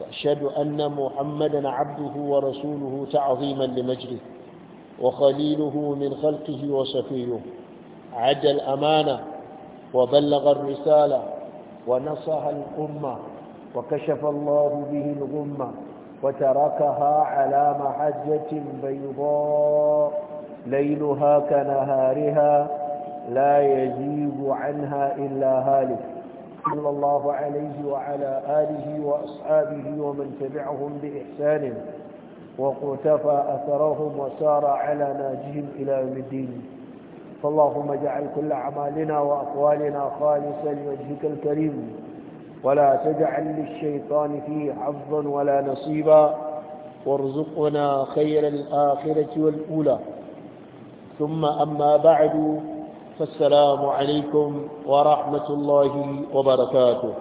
وأشهد أن محمدا عبده ورسوله تعظيما لمجده وخليله من خلقه وصفيه عد الأمانة وبلغ الرسالة ونصح الأمة وكشف الله به الغمة وتركها على محجة بيضاء ليلها كنهارها لا يزيغ عنها إلا هالك صلى الله عليه وعلى آله وأصحابه ومن تبعهم بإحسان وقتفى أثرهم وسار على ناجهم إلى يوم الدين فاللهم اجعل كل أعمالنا وأقوالنا خالصا لوجهك الكريم ولا تجعل للشيطان فيه حظا ولا نصيبا وارزقنا خير الآخرة والأولى ثم أما بعد فالسلام عليكم ورحمة الله وبركاته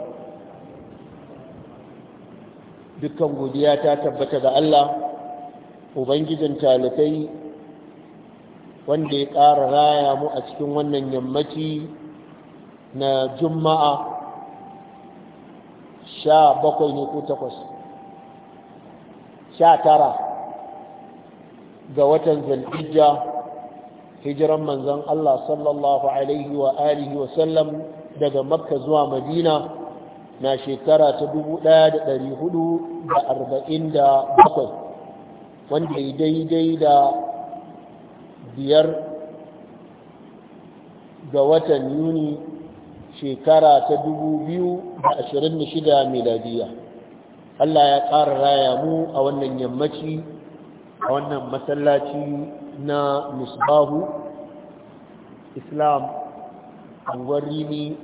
dukkan godiya ta tabbata ga Allah ubangijin talibai wanda ya ƙara raya mu a cikin wannan yammaci na juma'a sha bakwai ne ko takwas sha tara ga watan zalhijja hijiran manzan Allah sallallahu alaihi wa alihi wa daga makka zuwa madina na shekara ta 1447 wanda ya daidai da biyar ga watan yuni shekara ta 2026 miladiya Allah ya ƙara raya mu a wannan yammaci a wannan masallaci na musbahu islam anguwar ni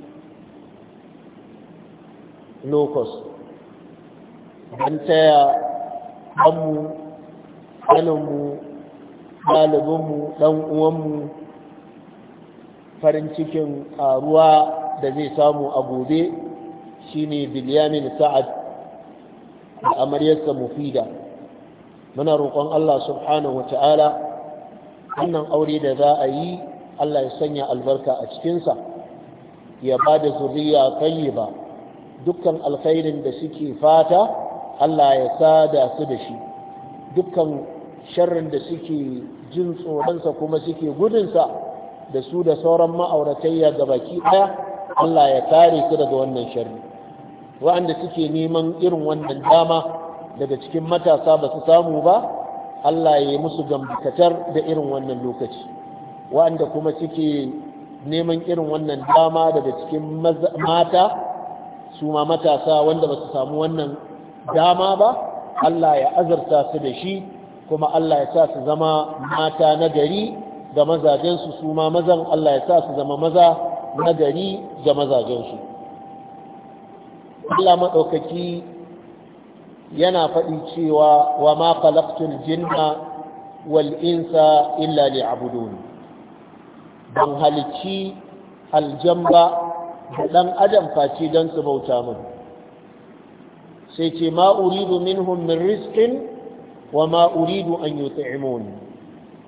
locus don taya ɗanmu ɗaninmu ɗalibinmu ɗan'uwanmu farin cikin ƙaruwa da zai samu a gobe shi ne bilyamin sa'ad da amaryarsa mufida muna roƙon allah subhanahu wa ta'ala wannan aure da za a yi Allah ya sanya albarka a cikinsa ya ba da zuriya ba. dukkan alkhairin da suke fata Allah ya sada su da shi dukkan sharrin da suke jin tsoronsa kuma suke gudunsa da su da sauran ma'auratayya ga baki ɗaya Allah ya kare su daga wannan sharri wa'anda suke neman irin wannan dama daga cikin matasa ba su samu ba Allah ya yi musu gambatar da irin wannan lokaci wanda kuma suke neman irin wannan dama daga cikin mata su ma matasa wanda ba su samu wannan dama ba Allah ya azarta su da shi kuma Allah ya sa su zama mata na gari ga mazajensu su ma mazan Allah ya sa su zama maza na gari ga mazajensu Allah maɗaukaki yana faɗi cewa wa ma wal'insa jinna wal insa illa ban halici aljamba da ɗan adam face don su bauta mun sai ce ma uridu minhum min riskin, wa ma uridu an taimoni.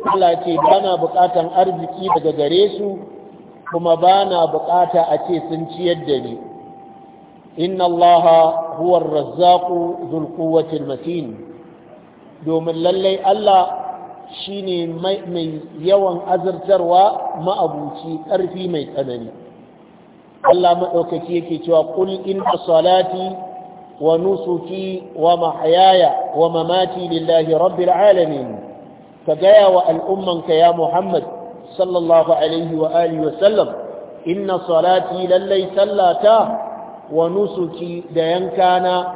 Allah ce bana buƙatan arziki daga gare su kuma ba na bukata a ce sun ciyar da ni إن الله هو الرزاق ذو القوة المتين دوم للي ألا شيني مي يوان أزر تروى ما أبوتي أرفي ميت أنني ألا ما أوكتيك قل إن صلاتي ونسكي ومحياي ومماتي لله رب العالمين فجاء والأمة يا محمد صلى الله عليه وآله وسلم إن صلاتي للي سلاتا wa nusuki da yankana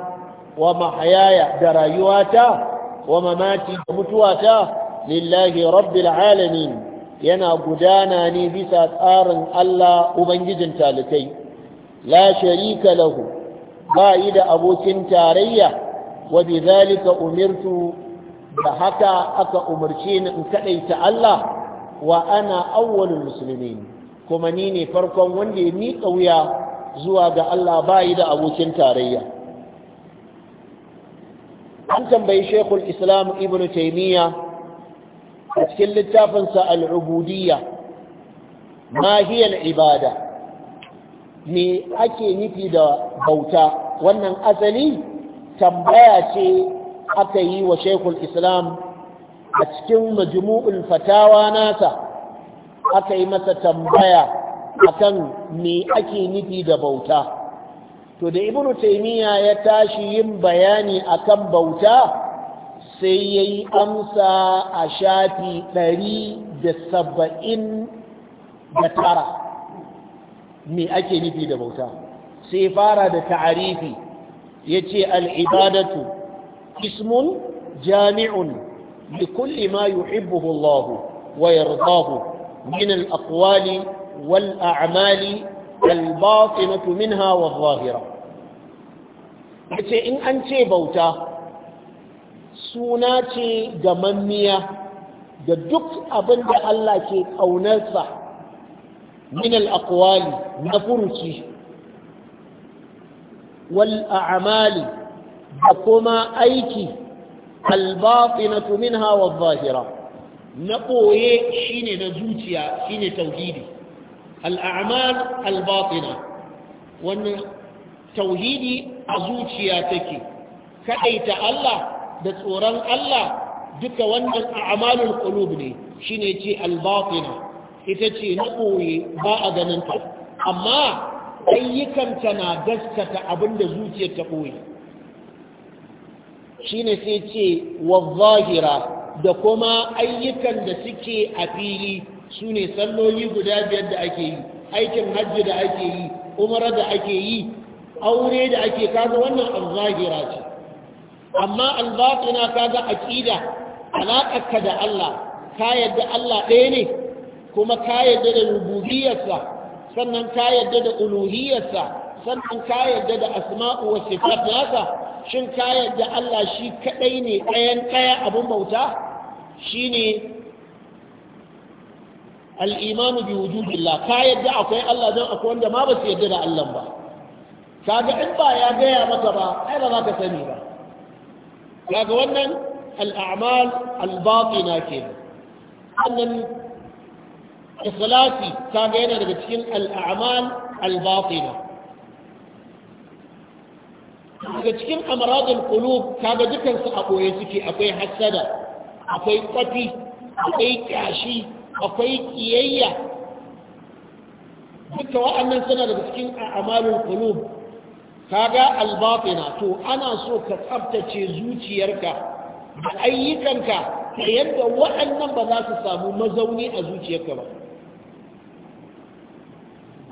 wa mahayaya da rayuwata wa mamati da mutuwata lillahi rabbil alamin yana gudana ne bisa tsarin Allah ubangijin talikai la sharika lahu ba yi da abokin tarayya wa bidhalika umirtu da haka aka umarce ni in kadaita Allah wa ana awwalul muslimin kuma ni ne farkon wanda ya miƙa wuya zuwa ga Allah bayi da abokin tarayya an tambayi shekul islam ibn taimiyya a cikin littafinsa al'ubudiyya mahiyar ibada me ake nufi da bauta wannan asali tambaya ce aka yi wa shekul islam a cikin majmu'ul fatawa nasa aka yi masa tambaya akan me ake nufi da bauta to da ibnu taymiya ya tashi yin bayani akan bauta sai yayi amsa a shafi ɗari da saba'in da tara me ake nufi da bauta sai fara da ta'arifi yace al-ibadatu ismun jami'un li kulli ma yuhibbuhu wa yarzahu min al-aqwali والأعمال الباطنة منها والظاهرة yace in an ce bauta suna ce gamammiya da duk abinda Allah ke ƙaunarsa minal al'akwali na furuci wal'amali da kuma aiki albatinatu minha wa zahira na ɓoye shine na zuciya shine tauhidi al'amal albatina wannan tauhidi a zuciya take kaɗaita Allah da tsoron Allah duka wannan amanun kulub ne ne ce albatina ita ce na ɓoye ba a ganin ta amma ayyukanta na gaskata abinda zuciyar ta koyi shine sai ce wa zahira da kuma ayyukan da suke a fili su ne salloli guda biyar da ake yi aikin hajji da ake yi umara da ake yi aure da ake kaga wannan alzahira ce amma albatina kaga aqida alaƙarka da Allah ka yadda Allah ɗaya ne kuma ka yadda da rububiyarsa sannan ka yadda da uluhiyarsa sannan ka yadda da asma'u wa nasa shin ka yadda Allah shi kadai ne ɗayan ɗaya abun bauta shine الإيمان بوجود الله كايد دعوة الله دعوة أكوان ما بس يدرى الله با كاقع إبا يا جاية مطبا أين ذاك سميرا كاقع ونن الأعمال الباطنة كيف أن إخلاصي كاقع نرغتين الأعمال الباطنة تكن أمراض القلوب كاقع دكا سأقوي سكي أقوي حسدا أقوي قتي أقوي كاشي akwai kiyayya duka wa'annan suna daga cikin a'malul kulub kaga albatina to ana so ka tsaftace zuciyarka da ayyukanka ta yadda wa'annan ba za su samu mazauni a zuciyarka ba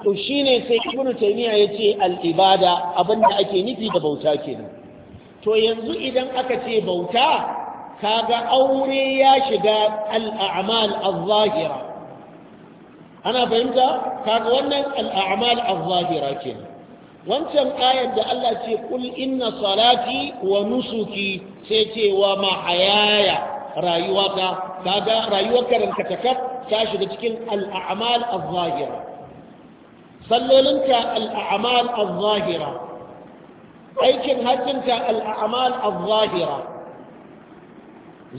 to shine sai ibnu taymiya yace al-ibada abinda ake nufi da bauta kenan to yanzu idan aka ce bauta kaga aure ya shiga al'amal al-zahira ana fahimta kaga wannan al'amal al-zahira ke wancan ayar da Allah ce kul inna salati wa nusuki sai ce wa mahayaya rayuwata kaga rayuwar karanka ta shiga cikin al'amal al-zahira sallolinka al'amal al-zahira aikin hajjinka al'amal al-zahira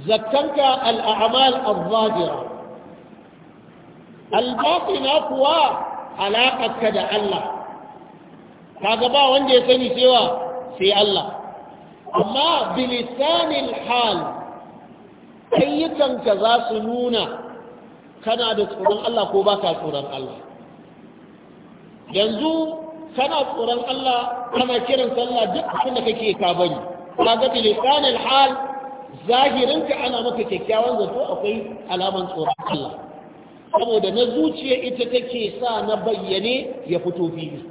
zakkanka al'amal al-zahira al-batina kuwa alaƙarka da Allah kaga ba wanda ya sani cewa sai Allah amma bilisanil hal ayyukanka za su nuna kana da tsoron Allah ko ba ka tsoron Allah yanzu kana tsoron Allah kana kiran sallah duk abin da kake ka bari kaga ga hal zahirinka ana maka kyakkyawan zato akwai alaman tsoron Allah saboda na zuciya ita take sa na bayyane ya fito fili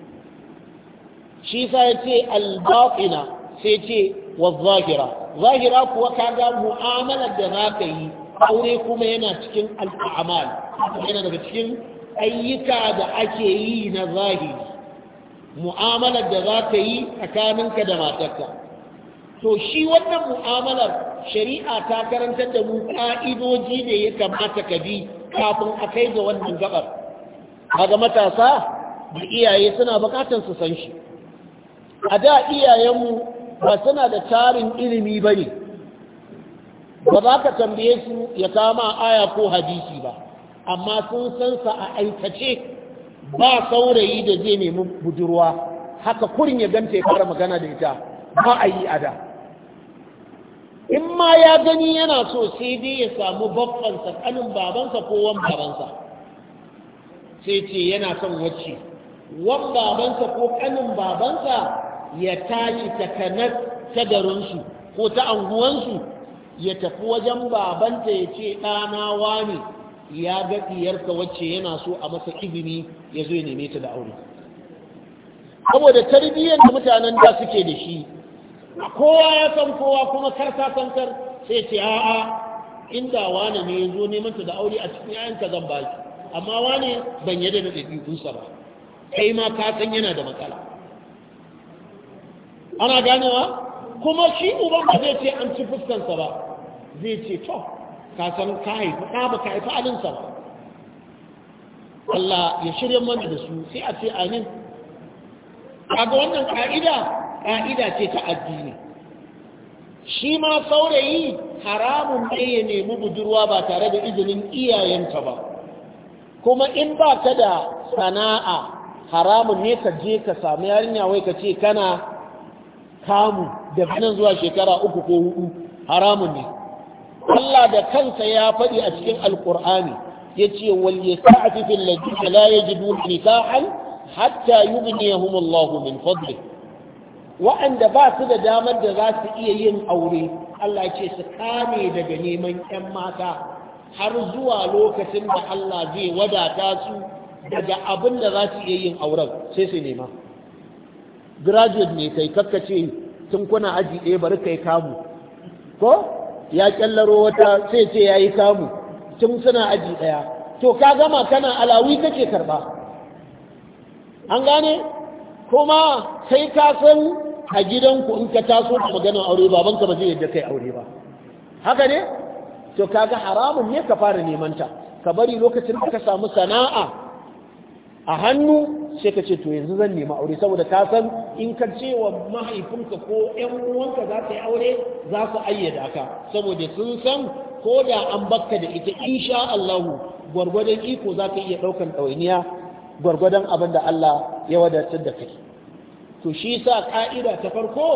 shi sa ya ce albaƙina sai ce wa zahira zahira kuwa ka ga mu'amalar da za ka yi aure kuma yana cikin al'amal yana daga cikin ayyuka da ake yi na zahiri mu'amalar da za ka yi tsakaninka da matarka to shi wannan mu'amalar shari'a ta karantar da mu ka'idoji ne ya kamata ka bi kafin a kai ga wannan gabar ga matasa da iyaye suna bukatar su san shi a da iyayenmu ba suna da tarin ilimi ba ne ba za ka tambaye su ya kama aya ko hadisi ba amma sun san sa a aikace ba saurayi da zai nemi budurwa haka kurin ya ganta ya fara magana da ita ba a yi a da in ma ya gani yana so sai dai ya samu babban kanin babansa ko wan babansa sai ce yana son wacce wan babansa ko kanin babansa ya tashi ta garinsu ko ta anguwansu ya tafi wajen babanta ya ce ɗana wani ya ga ɗiyarka wacce yana so a masa izini ya zo ya neme ta da aure saboda tarbiyyar da mutanen da suke da shi kowa ya san kowa kuma kar ta san kar sai ce a'a inda wani ne ya zo neman ta da aure a cikin yayanka zan ba amma wani ban yadda da sa ba kai ma ka san yana da matsala ana ganewa kuma shi uban ba zai ce an ci fuskansa ba zai ce to ka san ka haifi ka ba ka haifi sa ba Allah ya shirya mana da su sai a ce amin kaga wannan ka'ida ƙa'ida ce ta addini shi ma saurayi haramun ne ya nemi budurwa ba tare da izinin iyayenta ba kuma in ba ka da sana'a haramun ne ka je ka sami yarinya wai ka ce kana kamu da nan zuwa shekara uku ko hudu haramun ne Allah da kansa ya faɗi a cikin alkur'ani ya ce walye sa'afi ya lajina la yajidun nikahan hatta yughniyahum Allahu min fadlihi wa'anda ba su da damar da za su iya yin aure Allah ce su kame daga neman 'yan mata har zuwa lokacin da Allah zai wadata su daga abin da za su iya yin auren sai su nema graduate ne kai ce tun kuna aji ɗaya bari kai kamu ko ya kyallaro wata sai ce ya yi kamu tun suna aji ɗaya to ka gama kana alawi kake karɓa an gane kuma sai ka san a gidanku in ka taso a maganar aure babanka ba zai yadda kai aure ba haka ne to kaga haramun ne ka fara neman ta ka bari lokacin da ka samu sana'a a hannu sai ka ce to yanzu zan nema aure saboda ka san in ka ce wa mahaifinka ko ƴan uwanka za ka yi aure za su ayyada ka saboda sun san ko da an bakka da ita insha Allah gwargwadon iko za ka iya ɗaukan ɗawainiya gwargwadon abin da Allah ya wadatar da kai to shi sa ka'ida ta farko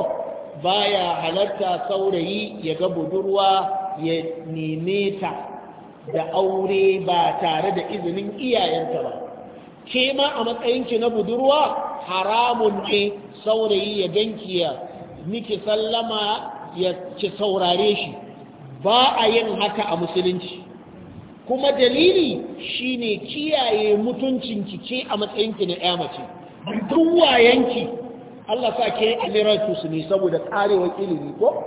baya halarta saurayi ya ga budurwa ya neme ta da aure ba tare da izinin iyayenta ba ke ma a matsayinki na budurwa haramun ne saurayi ya danki ya miki sallama ya ci saurare shi ba a yin haka a musulunci kuma dalili shine kiyaye mutuncinki ce a matsayinki na 'ya mace duk wayanki Allah sa ke emiratu su ne saboda karewar ilimi ko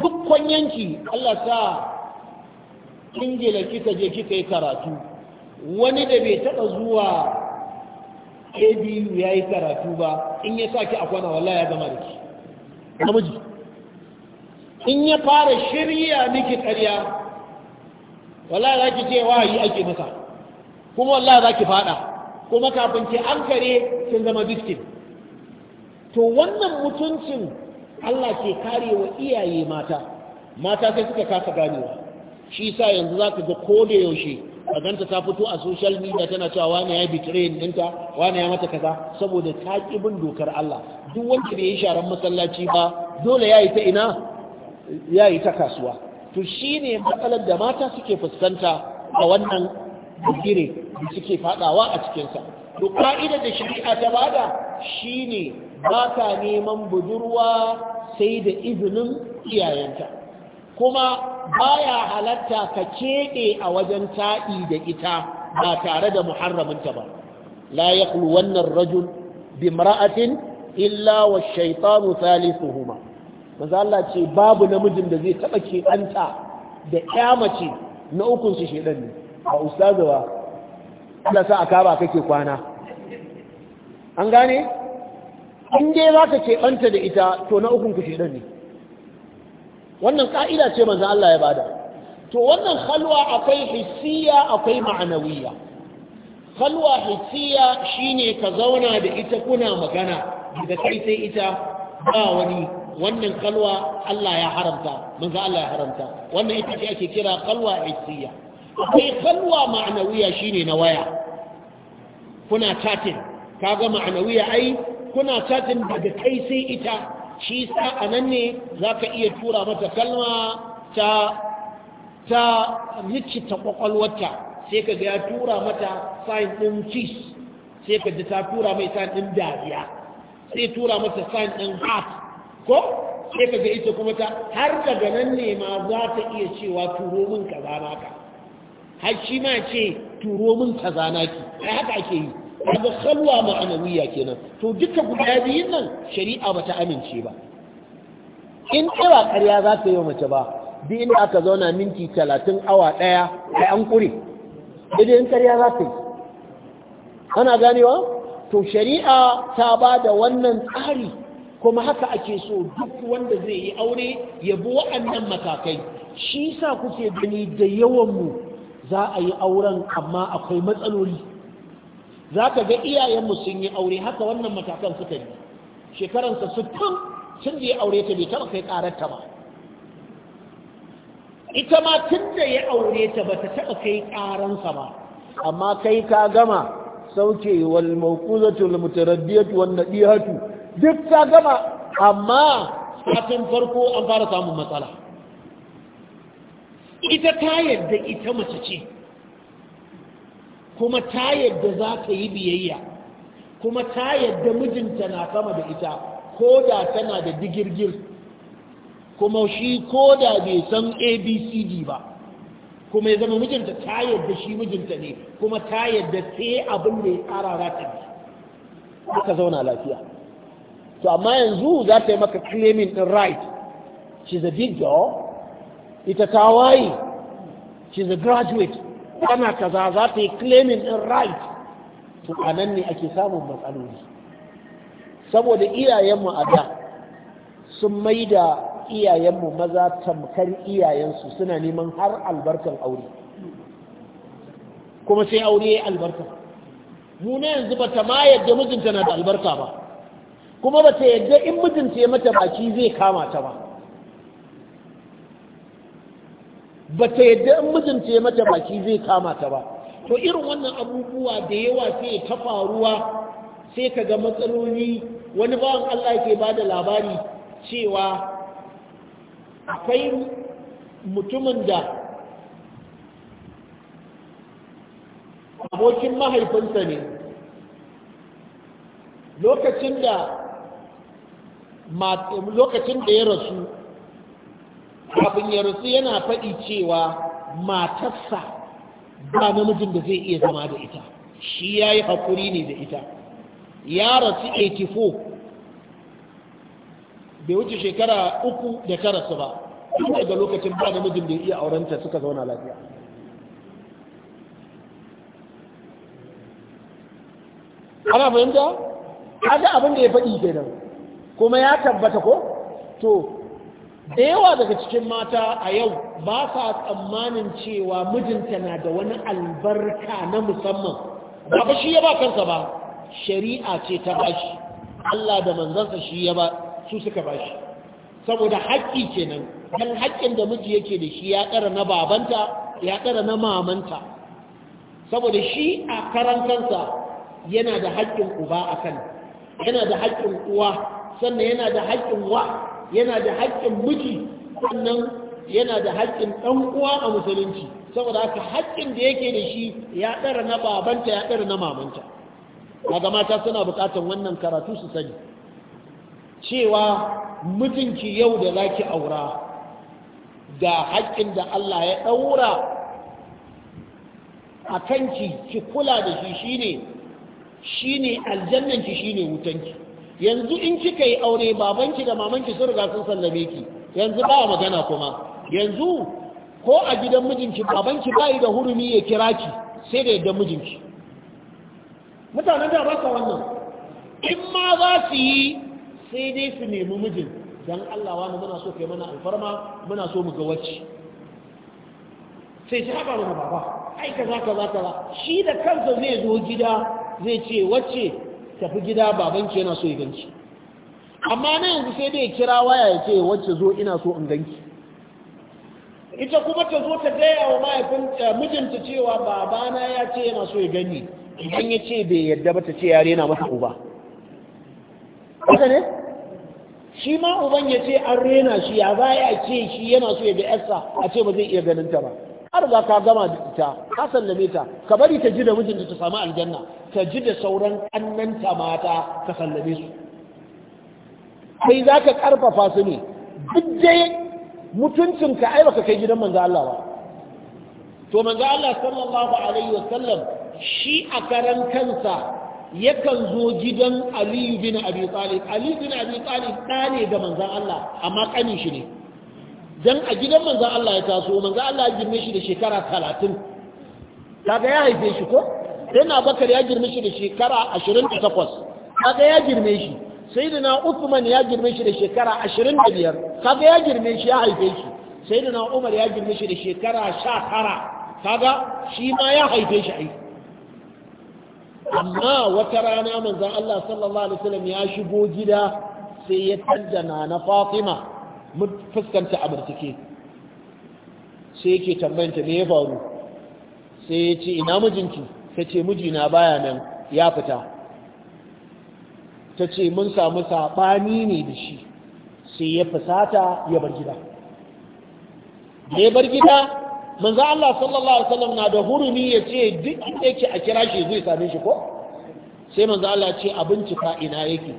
duk yanki Allah sa ingila kika je kika yi karatu wani da bai taɓa zuwa abu ya yi karatu ba in ya sa ki a kwana wallah ya gama da ke. namiji in ya fara shirya miki tsariya, wallah za ki ce wahayi ake masa kuma wallah za ki fada kuma kafin ki an kare kin zama biskin. to wannan mutuncin Allah ke karewa iyaye mata mata sai suka kasa ganewa shi sa yanzu za ka ga ko da yaushe a ganta ta fito a social media tana cewa wani ya bitrayin ɗinta wani ya mata kaza saboda ta bin dokar Allah duk wanda bai yi sharan masallaci ba dole ya yi ta ina ya yi ta kasuwa to shi ne matsalar da mata suke fuskanta a wannan gire da suke fadawa a cikinsa to ka'idar da shari'a ta bada shi ne ba ka neman budurwa sai da izinin iyayenta kuma baya halatta ka keɗe a wajen ta'i da ita ba tare da muharraminta ba la ya wannan rajul bimra'atin illa wa shaitanu huma maza Allah ce babu namijin da zai taɓa keɓanta da ƴa mace na ukunsu su ne a ustazawa Allah sa a kaba kake kwana an gane in dai za ka keɓanta da ita to na ukun ku shaidan ne wannan ƙa'ida ce manzo Allah ya bada to wannan halwa akwai hissiya akwai ma'anawiya halwa hissiya shine ka zauna da ita kuna magana da kai sai ita ba wani wannan kalwa Allah ya haramta manzo Allah ya haramta wannan ita ce ake kira kalwa hissiya akwai kalwa ma'anawiya shine na waya kuna chatting kaga ma'anawiya ai kuna cajin daga kai sai ita shi sa a nan ne za ka iya tura mata kalma ta ta ta kwakwalwata sai ka ya tura mata sign ɗin cheese sai ka ta tura mai sign ɗin dariya sai tura mata sign ɗin heart ko sai ka ga ita kuma ta har daga nan ne ma za ta iya cewa turo min ka zana ka har shi ma ce turo min ka kaza ki ai haka ake yi daga khalwa ma'anawiya kenan to duka guda biyun nan shari'a bata amince ba in ɗaya ƙarya za ta yi mace ba bi inda aka zauna minti talatin awa ɗaya a an ƙure idan ƙarya za ta yi ana ganewa to shari'a ta ba da wannan tsari kuma haka ake so duk wanda zai yi aure ya bi waɗannan matakai shi sa kuke gani da yawanmu za a yi auren amma akwai matsaloli za ka ga iyayenmu sun yi aure haka wannan matakan suka yi shekaransa sittin tun da ya aure ta bai taɓa kai ƙararta ba ita ma tun da ya aure ta ba ta taɓa kai ƙaransa ba amma kai ka gama sauke wal mawquzatu wal mutaraddiyatu wan nadihatu duk ka gama amma satin farko an fara samun matsala ita ta yadda ita mace ce kuma ta yadda za ka yi biyayya kuma ta yadda mijinta na sama da ita ko da tana da digirgir kuma shi ko da bai san abcd ba kuma ya zama mijinta ta yadda shi mijinta ne kuma ta yadda sai abin da ya tsara za ta bi aka zauna lafiya to amma yanzu za ta yi maka claiming in right she's a big girl ita ta waye she's a graduate tana kaza za ta yi claiming in right to a nan ne ake samun matsaloli saboda iyayenmu a da sun maida iyayenmu maza tamkar iyayensu suna neman har albarkan aure kuma sai aure ya albarka mu na yanzu ba ta ma yadda mijinta na da albarka ba kuma ba ta yadda in mijinta ya mata baki zai kama ta ba ba ta yadda in mijinta ya mata baki zai kama ta ba to irin wannan abubuwa da yawa sai ta faruwa sai ka ga matsaloli wani bawan Allah ke ba da labari cewa akwai mutumin da abokin mahaifinsa ne lokacin da lokacin da ya rasu kafin ya rasu yana faɗi cewa matarsa ba namijin da zai iya zama da ita shi ya yi haƙuri ne da ita ya rasu 84 bai wuce shekara uku da karasu ba. ba daga lokacin ba namijin da iya aurenta suka zauna lafiya ana fahimta? ga abin da ya faɗi kenan kuma ya tabbata ko? to da yawa daga cikin mata a yau ba sa tsammanin cewa mijinta na da wani albarka na musamman ba ba shi ya ba kansa ba shari'a ce ta bashi Allah da manzansa shi ya ba su suka bashi saboda haƙƙi kenan dan haƙƙin da miji yake da shi ya ƙara na babanta ya ƙara na mamanta saboda shi a karantarsa yana da haƙƙin uba akan yana da haƙƙin uwa sannan yana da haƙƙin wa yana da haƙƙin miji sannan yana da haƙƙin ɗan uwa a musulunci saboda haka haƙƙin da yake da shi ya ɗara na babanta ya ɗara na mamanta Magamata mata suna buƙatar wannan karatu su sani cewa mutunci yau da zaki aura ga haƙƙin da Allah ya ɗaura a kanki ki kula da shi shine shine aljannanki shine wutanki yanzu in kika yi aure babanki da mamanki sun riga sun sallame ki yanzu ba magana kuma yanzu ko a gidan mijinki babanki bayi da hurumi ya kira ki sai da yadda mijinki mutanen da ba sa wannan in ma za su yi sai dai su nemi mijin don Allah wani muna so kai mana alfarma muna so mu ga wacce sai shi haɓa mana baba ai kaza kaza kaza shi da kansa zai zo gida zai ce wacce tafi gida babanki yana so ya ganki amma na yanzu sai dai kira waya ya ce wacce zo ina so in ganki ita kuma ta zo ta gaya wa mahaifin eh, mijinta cewa babana ya ce yana so ya gani idan ya ce bai yadda ba ta ce yare na masa uba haka ne shi ma uban ya ce an rena shi ya za ya ce shi yana so ya ga yarsa a ce ba zai iya ganin ta ba arga ka gama da ita ka sallame ta ka bari ta ji da mijinta ta samu aljanna ka ji da sauran annanta mata ka sallame su kai za ka karfafa su ne duk dai ka ai baka kai gidan manzo Allah ba to manzo Allah sallallahu alaihi wasallam shi a karan kansa yakan zo gidan Ali bin Abi Talib Ali bin Abi Talib ɗane ga manzo Allah amma kanin shi ne dan a gidan manzan Allah ya taso manzan Allah ya girme shi da shekara talatin kaga ya haife shi ko sai na bakar ya girme shi da shekara ashirin da takwas kaga ya girme shi sai da na Uthman ya girme shi da shekara ashirin da biyar kaga ya girme shi ya haife shi sai da na Umar ya girme shi da shekara sha tara kaga shi ma ya haife shi ai amma wata rana manzan Allah sallallahu alaihi wasallam ya shigo gida sai ya tanda na Fatima mun fuskanta a martike sai yake tambayanta me ya faru sai ya ce ina mijinki ta ce mijina baya nan ya fita ta ce mun samu saɓani ne da shi sai ya fusata ya bar gida da ya bar gida manzo Allah sallallahu alaihi wasallam na da hurumi ya ce duk inda yake a kira shi zai same shi ko sai manzo Allah ce abinci ka ina yake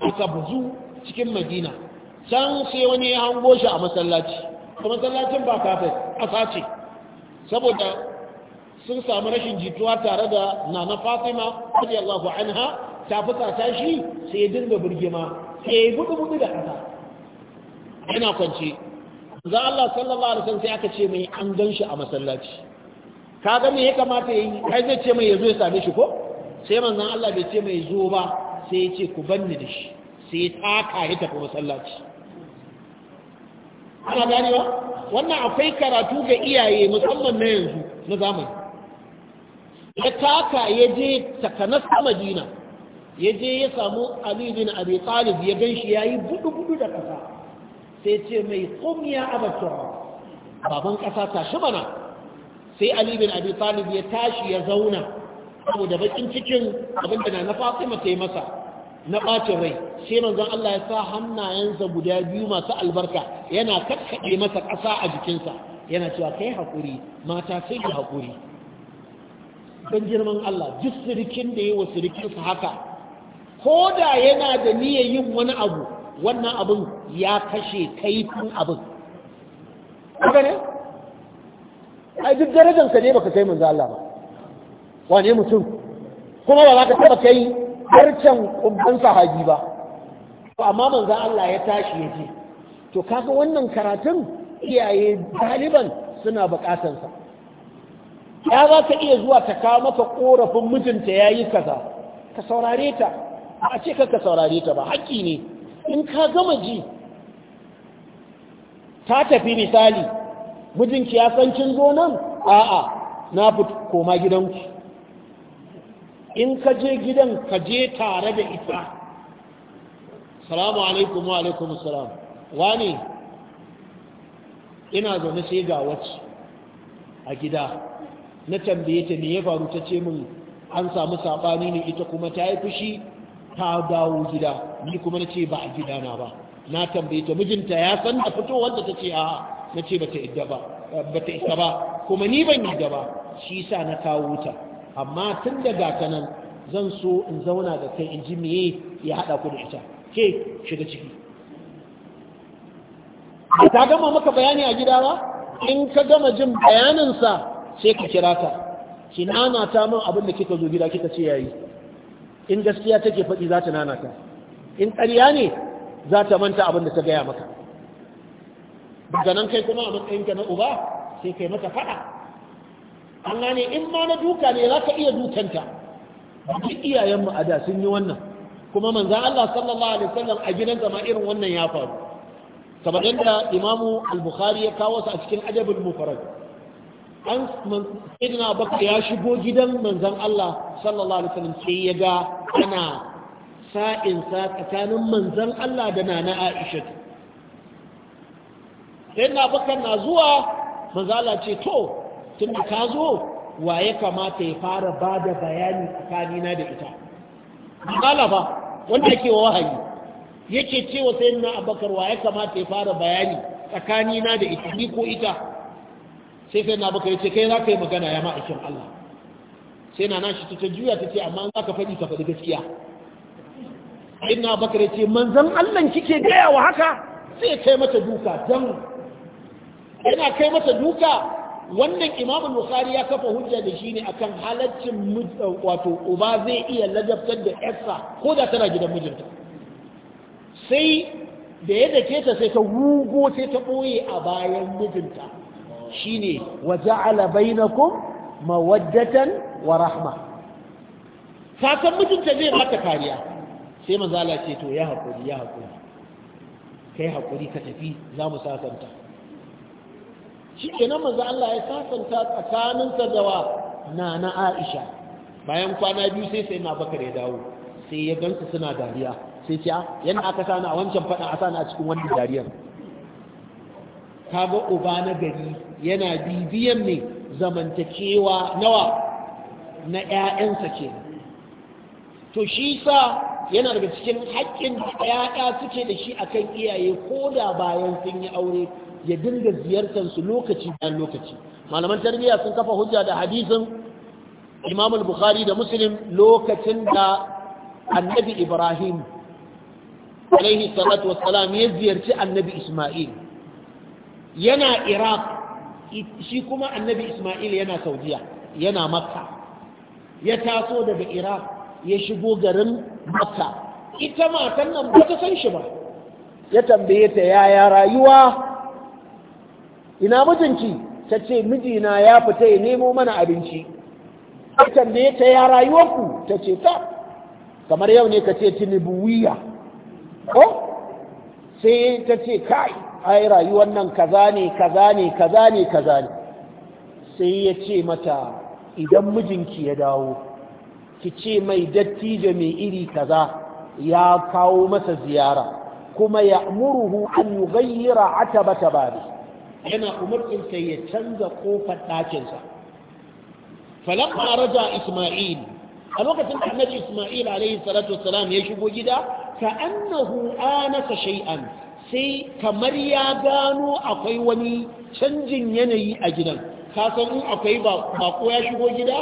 aka buzu cikin Madina can sai wani ya hango shi a masallaci a masallacin ba kafin ƙasa ce saboda sun samu rashin jituwa tare da nana fatima an ha, ta fusata shi sai ya dinga birgima sai ya gudu gudu da ƙasa yana kwance za Allah sallallahu alaihi sai aka ce mai an gan shi a masallaci ka gani ya kamata ya yi kai zai ce mai ya zo ya same shi ko sai manzan Allah bai ce mai zo ba sai ya ce ku banni da shi sai ya taka ya tafi masallaci ana ganewa wannan akwai karatu ga iyaye musamman na yanzu na zamani ya taka ya je takanas madina ya je ya samu alibin bin talib ya gan shi yayi budu budu da kasa sai ce mai qum ya abatura baban kasa ta shi sai alibin bin talib ya tashi ya zauna saboda bakin cikin abinda na Fatima ta yi masa na ɓacin rai sai manzon Allah ya sa hannayensa guda biyu masu albarka yana kakkaɗe masa ƙasa a jikinsa yana cewa kai haƙuri mata sai ki haƙuri don girman Allah duk sirikin da ya wa sirikinsa haka ko da yana da niyyar yin wani abu wannan abin ya kashe kaifin abin haka ne ai duk darajarsa ne baka kai manzon Allah ba wane mutum kuma ba za ka taɓa kai harcen kumban sahabi ba to amma za Allah ya tashi ya ce to kaga wannan karatun iyaye ɗaliban suna bukatansa ya za ka iya zuwa ta kawo maka korafin mijinta ya yi kaza ka saurare ta a ce ka saurare ta ba haƙƙi ne in ka gama ji ta tafi misali mijinki ya san kin zo nan a'a na fi koma gidanku. in ka je gidan ka je tare da ita salamu alaikum wa alaikum salam wani ina zaune sai ga wacce a gida na tambaye ta me ya faru ta ce min an samu sabani ne ita kuma ta yi fushi ta dawo gida ni kuma na ce ba a na ba na tambaye ta mijinta ya san da fitowar da ta ce a na ce ba ta isa ba kuma ni ban yi ba shi sa na kawo ta amma tun da gata nan zan so in zauna da kai in ji meye ya haɗa ku da ita ke shiga ciki ba ta gama maka bayani a gida ba in ka gama jin bayaninsa sai ka kira ta ki nana ta min abin da kika zo gida kika ce yayi in gaskiya take faɗi za ta nana ta in ƙarya ne za ta manta abin da ta gaya maka daga nan kai kuma a matsayinka na uba sai kai mata faɗa an gane in ma na duka ne za ka iya dukanta duk iyayenmu a da sun yi wannan kuma manzan Allah sallallahu alaihi wasallam a gidan zama irin wannan ya faru kamar yadda imamu al-bukhari ya kawo su a cikin ajabul mufarad an sayyidina abubakar ya shigo gidan manzan Allah sallallahu alaihi wasallam sai ya ga ana sa'in sa tsakanin manzan Allah da nana Aisha sayyidina abubakar na zuwa manzala ce to tun da ka zo wa ya kamata ya fara ba da bayani tsakanina da ita galaba wanda ke wa wahayi yake cewa sai na abakar wa ya kamata ya fara bayani tsakanina da ita ni ko ita sai sai na abakar ya ce kai za ka yi magana ya ma'aikin Allah sai na nashi ta juya ta ce amma za ka faɗi ka faɗi gaskiya na abakar ya ce manzan Allah kike gaya wa haka sai ya kai mata duka don yana kai mata duka wannan imam bukhari ya kafa hujja da shi ne akan halaccin wato uba zai iya ladabtar da yarsa ko da tana gidan mijinta sai da ya dake ta sai ta rugo sai ta boye a bayan mijinta shine wa ja'ala bainakum mawaddatan wa rahma ka san mijinta zai mata kariya sai manzala ce to ya hakuri ya hakuri kai hakuri ka tafi za mu sasanta shi kenan maza Allah ya sasanta tsakaninsa da wa na Aisha bayan kwana biyu sai sai na bakar ya dawo sai ya gansu suna dariya sai ce ah, yana aka sani a wancan faɗin a sani a cikin wannan dariyar kaga uba na gari yana bibiyan ne zamantakewa nawa na 'ya'yansa kenan to shi sa yana daga cikin haƙƙin ƴaƴa suke da shi akan iyaye ko da bayan sun yi aure ya dinga ziyartar su lokaci bayan lokaci malaman tarbiyya sun kafa hujja da hadisin Imam al-Bukhari da Muslim lokacin da Annabi Ibrahim alaihi salatu wassalam ya ziyarci Annabi Isma'il yana Iraq shi kuma Annabi Isma'il yana Saudiya yana Makka ya taso daga Iraq ya shigo garin mata ita matan nan ba ta san shi ba ya tambaye ta yaya rayuwa ina mijinki ta ce mijina ya fita ya nemo mana abinci ya tambaye ta ya rayuwarku ta ce ta kamar yau ne ka ce tinibuwiya ko sai ta ce kai ai rayuwar nan kaza ne kaza ne kaza ne kaza ne sai ya ce mata idan mijinki ya dawo ki ce mai dattijo mai iri kaza ya kawo masa ziyara kuma ya muruhu an yi gayyira atabata ne. yana umarinsa ya canza kofar ɗakinsa falamma raja isma'il a lokacin da annabi isma'il alaihi salatu wassalam ya shigo gida ka annahu anasa shay'an sai kamar ya gano akwai wani canjin yanayi a gidan ka san in akwai bako ya shigo gida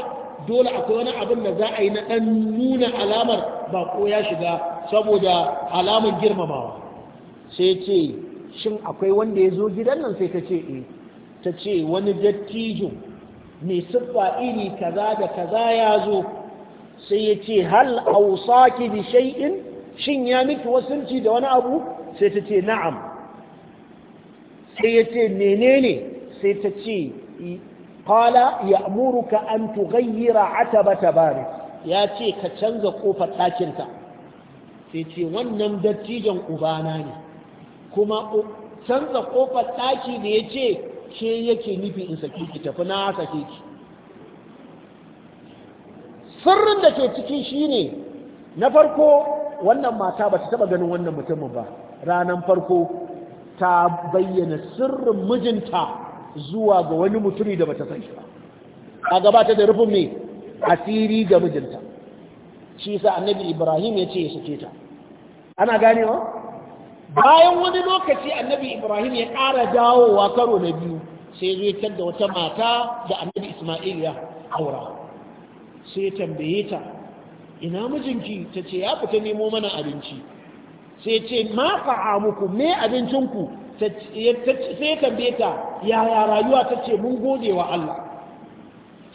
dole akwai wani abin da za a yi na ɗan nuna alamar ba ko ya shiga saboda alamar girmamawa sai ce shin akwai wanda ya zo gidan nan sai ta ce e ta ce wani dattijo mai siffa iri kaza da kaza ya zo sai ya ce hal ki bi shay'in shin ya miki wasunci da wani abu sai ta ce na'am sai ya ce menene sai ta ce qala ya'muruka an tughayyira atabata barik ya ce ka canza kofar ɗakinka sai ce wannan dattijan ubana ne kuma canza ƙofar ɗaki da ya ce ke yake nufi in saki ki tafi na sake ki sirrin da ke ciki shine na farko wannan mata ba ta taba ganin wannan mutumin ba ranar farko ta bayyana sirrin mijinta zuwa ga wani mutumi da bata san shi ba a gabata da rufin mai asiri ga mijinta shi sa annabi ibrahim ya ce ya suke ta ana ganewa bayan wani lokaci annabi ibrahim ya ƙara dawowa karo na biyu sai zai tar da wata mata da annabi ismail ya aura sai tambaye ta ina mijinki ta ce ya fita nemo mana abinci sai ce ma fa'amuku me abincinku sai ya tambaye ta yaya rayuwa ta ce mun gode wa Allah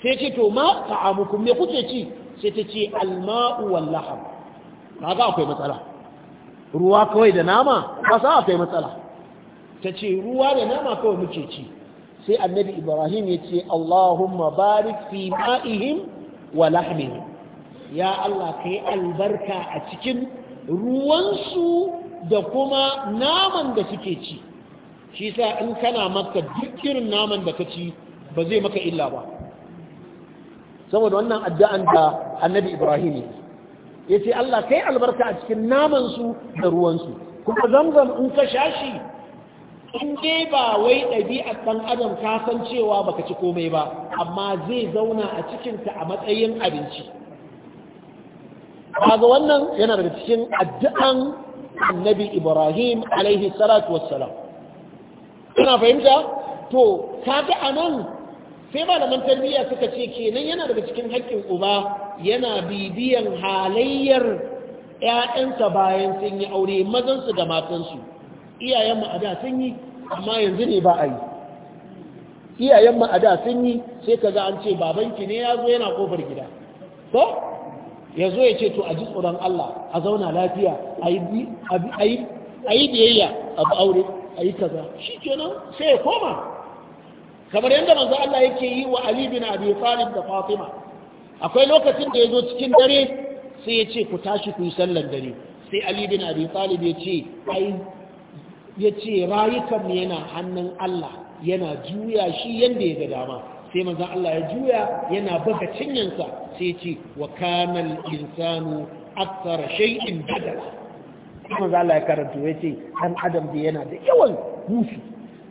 sai ce to ma ta'amukum me kuke ci sai ta ce alma'u wal laham akwai matsala ruwa kawai da nama kasa akwai matsala ta ce ruwa da nama kawai muke ci sai annabi ibrahim ya ce allahumma barik fi ma'ihim wa lahmihim ya Allah ka yi albarka a cikin ruwansu da kuma naman da suke ci shi sa in kana maka duk irin naman da ka ci ba zai maka illa ba saboda wannan addu'an da annabi ibrahim ne ya ce allah kai albarka a cikin namansu da ruwansu kuma zamzam in ka sha shi in dai ba wai ɗabi'a ɗan adam ka san cewa baka ci komai ba amma zai zauna a cikinta a matsayin abinci kaga wannan yana daga cikin addu'an annabi ibrahim alaihi salatu wassalam kana fahimta to a nan, sai malaman tarbiyya suka ce kenan yana daga cikin haƙƙin uba yana bibiyan halayyar ‘ya'yansa bayan sun yi aure mazansu da matansu iyayenmu a da sun yi amma yanzu ne ba a yi iyayenmu a da sun yi sai ka an ce babanki ne ya zo yana ƙofar gida ko ya zo ya ce to a ji tsoron Allah a zauna lafiya a yi biyayya a aure a yi kaza shi kenan sai ya koma kamar yadda manzo Allah yake yi wa Ali bin Abi Talib da Fatima akwai lokacin da ya zo cikin dare sai ya ce ku tashi ku yi sallan dare sai Ali bin Abi Talib ya ce ai ya ce rayukan yana hannun Allah yana juya shi yadda ya ga dama sai manzo Allah ya juya yana baka cinyansa sai ya ce wa kana al-insanu akthara shay'in badala manzo Allah ya ya yace ɗan adam da yana da yawan musu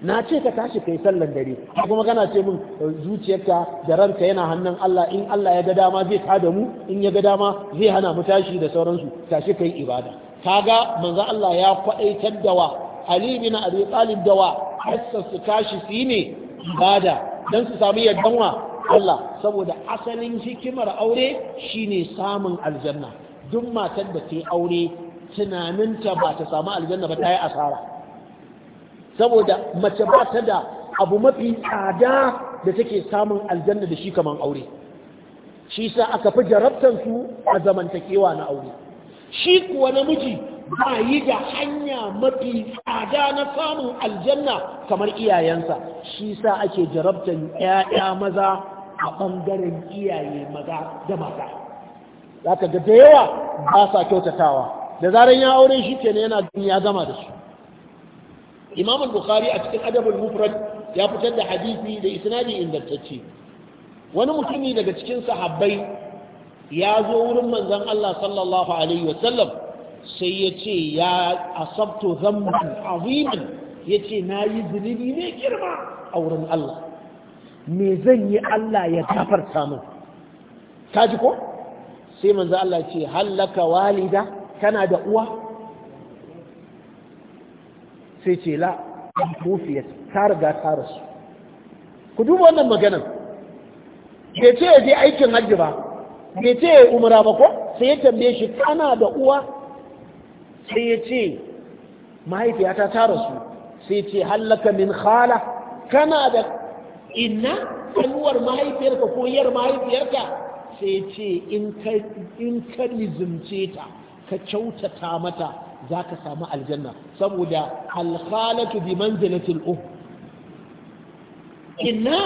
na ce ka tashi kai sallan dare kuma kana ce min zuciyarka da ranka yana hannun Allah in Allah ya ga dama zai tada mu in ya ga dama zai hana mu tashi da sauransu tashi kai ibada kaga manzo Allah ya kwaɗaitar da wa Ali bin Abi Talib da wa hassa su tashi su ne ibada dan su samu yaddan wa Allah saboda asalin hikimar aure shine samun aljanna duk matan da ta aure tunaninta ba ta samu aljanna ba ta yi asara saboda mace ba ta da abu mafi tsada da take samun aljanna da shi kaman aure shi sa aka fi jarabtansu a zamantakewa na aure shi kuwa namiji ba yi da hanya mafi tsada na samun aljanna kamar iyayensa shi sa ake jarabtan 'ya'ya maza a ɓangaren iyaye maza da mata za ka ga da yawa ba sa kyautatawa da zaran ya aure shi kenan yana ya gama da su imam bukhari a cikin adabin mufrad ya fitar da hadisi da isnadi ingantacce wani mutumi daga cikin sahabbai ya zo wurin manzon Allah sallallahu alaihi Wasallam, sai ya ce ya asabtu zamban aziman ya ce na yi zunubi ne girma a wurin Allah me zan yi Allah ya tafarta min kaji ko sai manzo Allah ce hallaka walida kana da uwa sai ce la mufiyat ta riga ta rasu ku duba wannan maganan bai ce ya je aikin hajji ba bai ce ya umara ba ko sai ya tambaye shi kana da uwa sai ya ce mahaifiyata ta rasu sai ce hallaka min khala kana da inna kanuwar mahaifiyarka ko yar mahaifiyarka sai ce in ka lizimce ta ka kyautata mata za ka samu aljanna saboda alkhalatu bi manzilatil um ina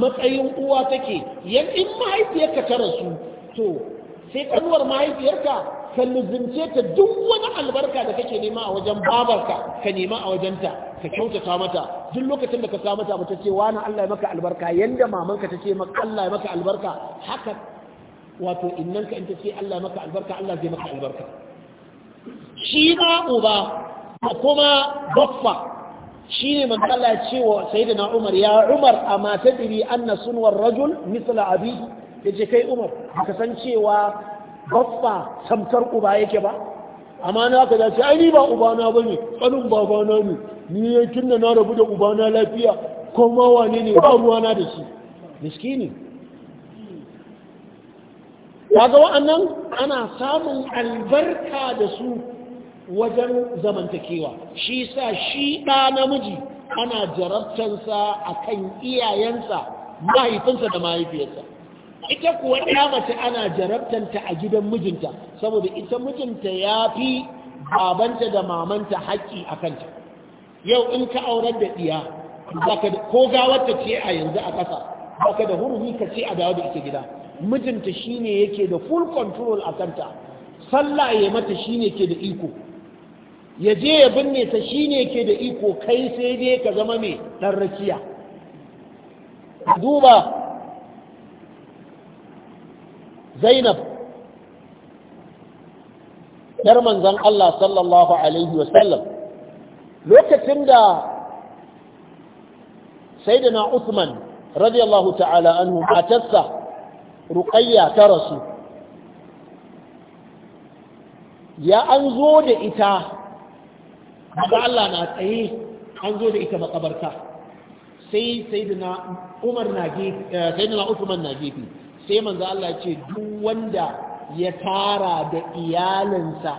matsayin uwa take yan in mahaifiyarka ta rasu to sai kanuwar mahaifiyarka ka lizince ta duk wani albarka da kake nema a wajen babarka ka nema a wajenta ka kyautata mata duk lokacin da ka sa mata mata ce wani Allah ya maka albarka yanda mamanka ta ce maka Allah ya maka albarka haka wato innanka in ta ce Allah ya maka albarka Allah zai maka albarka shi ma uba da kuma baffa shi ne manzo Allah ce wa sayyidina Umar ya Umar amma tadiri anna sunwar rajul misla abi yace kai Umar ka san cewa baffa samtar uba yake ba amma na ka dace ai ni ba ubana bane tsanin babana ne ni ya tunna na rabu da ubana lafiya ko ma wane ne ba ruwana da shi miskini ga wa'annan ana samun albarka da su wajen zamantakewa shi sa shi ɗa namiji ana jarabtansa a kan iyayensa mahaifinsa da mahaifiyarsa ita kuwa ɗaya mace ana jarabtanta a gidan mijinta saboda ita mijinta ya fi babanta da mamanta haƙƙi a kanta yau in ka aurar da ɗiya ko gawarta ce a yanzu a ƙasa baka da hurumi ka ce a dawo da ita gida mijinta shine yake da full control a kanta sallah ya mata shine ke da iko ya je ya binne ta shine ke da iko kai sai dai ka zama mai ɗan rakiya duba zainab ɗar manzan Allah sallallahu Alaihi wasallam lokacin da na Usman radiyallahu ta'ala anhu matarsa ruƙayya ta rasu ya an zo da ita maza Allah na tsaye an zo da ita makabarta sai sayyidina da na gefe eh, na gefe sai manzo Allah ce duk wanda ya tara da iyalinsa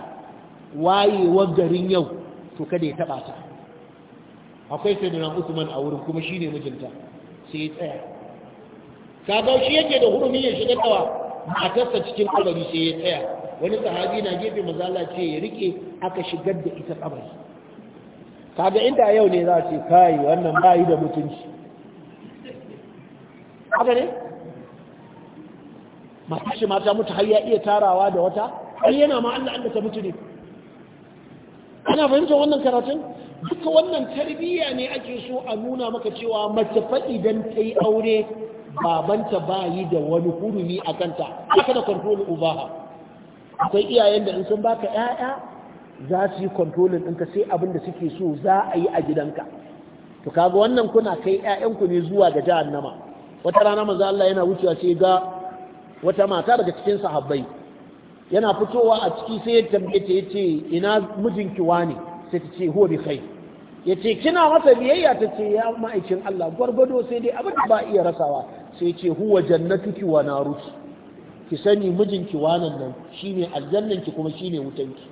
wayewar garin yau to kada ya taba ta akwai sayyidina Uthman a wurin kuma shine mijinta sai tsaya kaga shi yake da hurumi ya shiga dawa matarsa cikin kabari sai ya tsaya wani sahabi na gefe maza Allah ce ya rike aka shigar da ita kabari kaga inda yau ne za ce kai wannan bayi da mutunci haka ne masu shi mata mutu har ya iya tarawa da wata har yana ma Allah Allah ta mutu ne ana fahimtar wannan karatun duka wannan tarbiyya ne ake so a nuna maka cewa mace faɗi don ta yi aure babanta ba yi da wani hurumi a kanta aka da kwanfoli ubaha akwai iyayen da in sun baka 'ya'ya za su yi kontrolin ɗinka sai abin da suke so za a yi a gidanka to kaga wannan kuna kai 'ya'yanku ne zuwa ga nama. wata rana manzo Allah yana wucewa sai ga wata mata daga cikin sahabbai yana fitowa a ciki sai ya tambaye ta yace ina mijinki ne sai ta ce huwa bi khair yace kina masa biyayya ta ce ya ma'aikin Allah gwargwado sai dai abin da ba iya rasawa sai ce huwa jannatuki wa naruki ki sani mijinki wa nan shine aljannanki kuma shine wutanki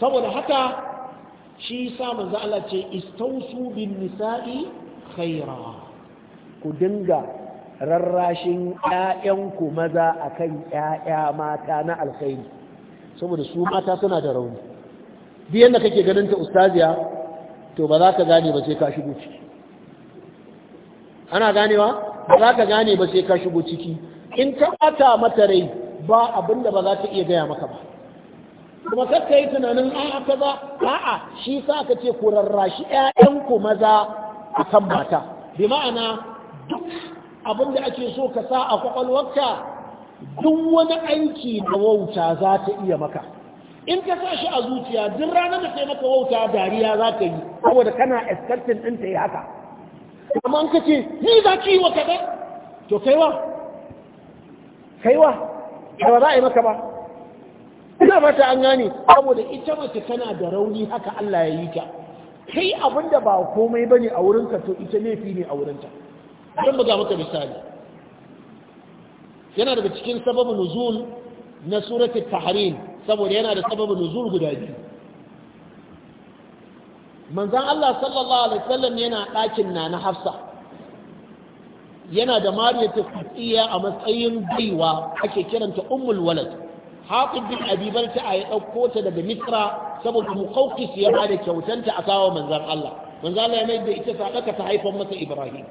saboda haka shi sa manzo Allah ce istausu bin nisa'i khaira ku dinga rarrashin ku maza akan ƴaƴa mata na alkhairi saboda su mata suna da rauni duk yanda kake ganin ta ustaziya to ba za ka gane ba sai ka shigo ciki ana ganewa ba za ka gane ba sai ka shigo ciki in ka bata mata rai ba abinda ba za ta iya gaya maka ba kuma kakka yi tunanin a'a kaza a'a shi sa ka ce ku rarrashi ku maza akan mata bi ma'ana duk abin da ake so ka sa a kwakwalwarka duk wani aiki da wauta za ta iya maka in ka sa shi a zuciya duk ranar da sai maka wauta dariya za ka yi saboda kana expecting ɗin ta yi haka amma in ka ce ni za ki yi wa kaza to kaiwa kaiwa ba za a yi maka ba ina mata an gane saboda ita mace tana da rauni haka Allah ya yi ta kai abinda ba komai bane a wurinka to ita laifi ne a wurinta don buga maka misali yana daga cikin sababin nuzul na suratul tahrim saboda yana da sababin nuzul guda biyu manzon Allah sallallahu alaihi wasallam yana dakin na na Hafsa yana da Mariya ta a matsayin baiwa ake kiranta ummul walad hatib bin abi a ya ɗauko ta daga misra saboda muqawqis ya bada kyautanta a kawo Manzan Allah Manzan Allah ya mai da ita sadaka ta haifan masa Ibrahim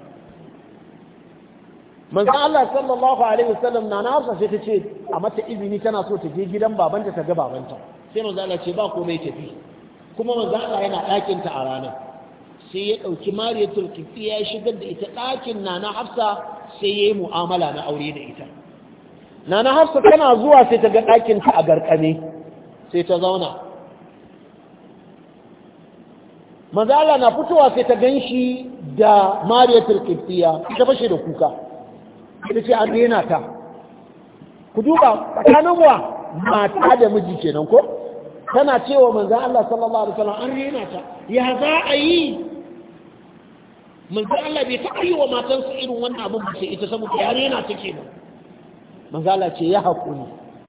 Manzan Allah sallallahu alaihi wasallam na na Hafsa sai ta ce a mata izini tana so ta je gidan babanta ta ga babanta sai Manzan Allah ce ba komai tafi kuma Manzan Allah yana ɗakin ta a ranar sai ya ɗauki Mariyatul Qibti ya shigar da ita ɗakin Nana Hafsa sai yayi mu'amala na aure da ita na na hafsa tana zuwa sai ta ga ɗakinta a garkame sai ta zauna mazala na fitowa sai ta gan shi da mariyatul kiftiya ta fashe da kuka ita ce an rena ta ku duba tsakanin wa mata da miji kenan ko tana cewa manzo Allah sallallahu alaihi wasallam an rena ta ya za a yi manzo Allah bai taɓa yi wa matansa irin wannan abin ba sai ita saboda ya rena ta kenan manzala ce ya haƙuri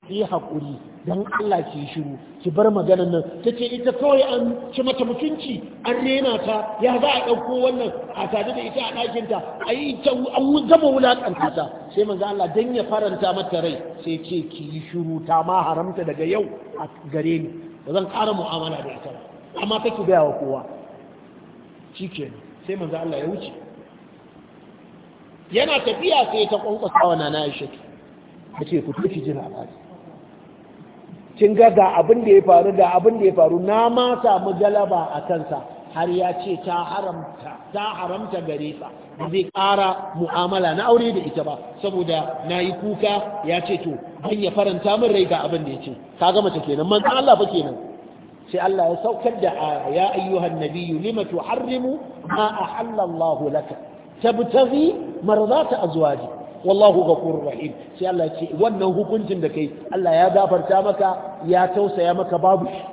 yi haƙuri don Allah ke shiru ki bar maganar nan ta ce ita kawai an ci mata mutunci an rena ta ya za a ɗauko wannan a tare da ita a ɗakinta a yi ta an gama wulaƙanta ta sai manzo Allah don ya faranta mata rai sai ce ki yi shiru ta ma haramta daga yau a gare ni ba zan ƙara mu'amala da ita amma ta ki gaya wa kowa shi kenan sai manzo Allah ya wuce yana tafiya sai ta kwankwasa wa nana Aisha ya ce ku ji labari kin ga ga abin da ya faru da abin da ya faru na ma samu galaba a kansa har ya ce ta haramta ta haramta gare sa ba zai ƙara mu'amala na aure da ita ba saboda na yi kuka ya ce to ban ya faranta min rai ga abin da ya ce ka gama ta kenan man Allah fa kenan sai Allah ya saukar da ya ayyuhan nabiyyu lima tuharrimu ma ahalla Allah laka tabtaghi marzata azwaji wallahu ghafurur rahim sai Allah ya ce wannan hukuncin da kai Allah ya gafarta maka ya tausaya maka babu shi